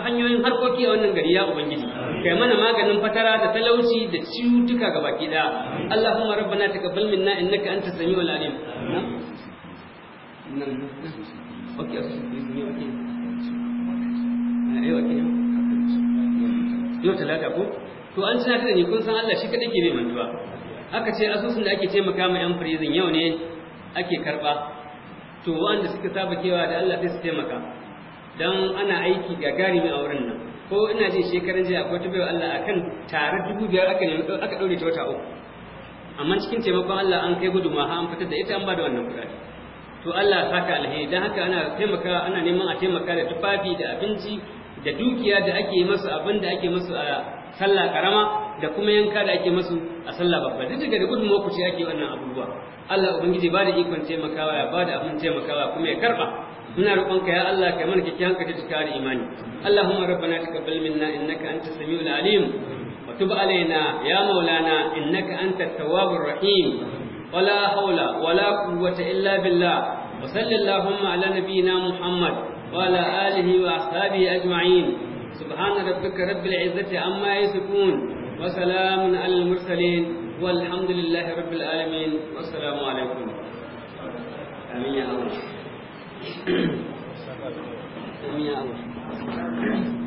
hanyoyin harkoki a wannan gari ya ubangiji kai mana maganin fatara da talauci da cutuka ga baki daya Allahumma rabbana taqabbal minna innaka antas samiul alim eh, okay yau talata ko to an tana da ni kun san Allah shi kadai ke bai mantuwa aka ce asusun da ake taimaka ma yan prison yau ne ake karba to wanda suka saba kewa da Allah sai su taimaka dan ana aiki gagarimi a wurin nan ko ina jin shekaran jiya ko ta baiwa Allah akan tare dubu biyar aka nemi ɗaure ta wata uku amma cikin taimakon Allah an kai gudunmawa an fitar da ita an ba da wannan kuɗaɗe to Allah saka alheri dan haka ana taimaka ana neman a taimaka da tufafi da abinci da dukiya da ake masu abin da ake masu a sallah karama da kuma yanka da ake masu a sallah babba duk daga da gudunmawa ku ce ake wannan abubuwa Allah ubangiji ba da ikon taimakawa ya ba da abin taimakawa kuma ya karba muna roƙonka ya Allah ka mana kyakkyawan ta cika da imani Allahumma rabbana taqabbal minna innaka antas samiul alim wa tub alaina ya maulana innaka antat tawwabur rahim wala hawla wala quwwata illa billah wa sallallahu ala nabiyyina muhammad wa ala alihi wa ashabihi ajma'in subhana rabbika rabbil izzati amma yasifun وسلام على المرسلين والحمد لله رب العالمين والسلام عليكم آمين يا الله Amin ya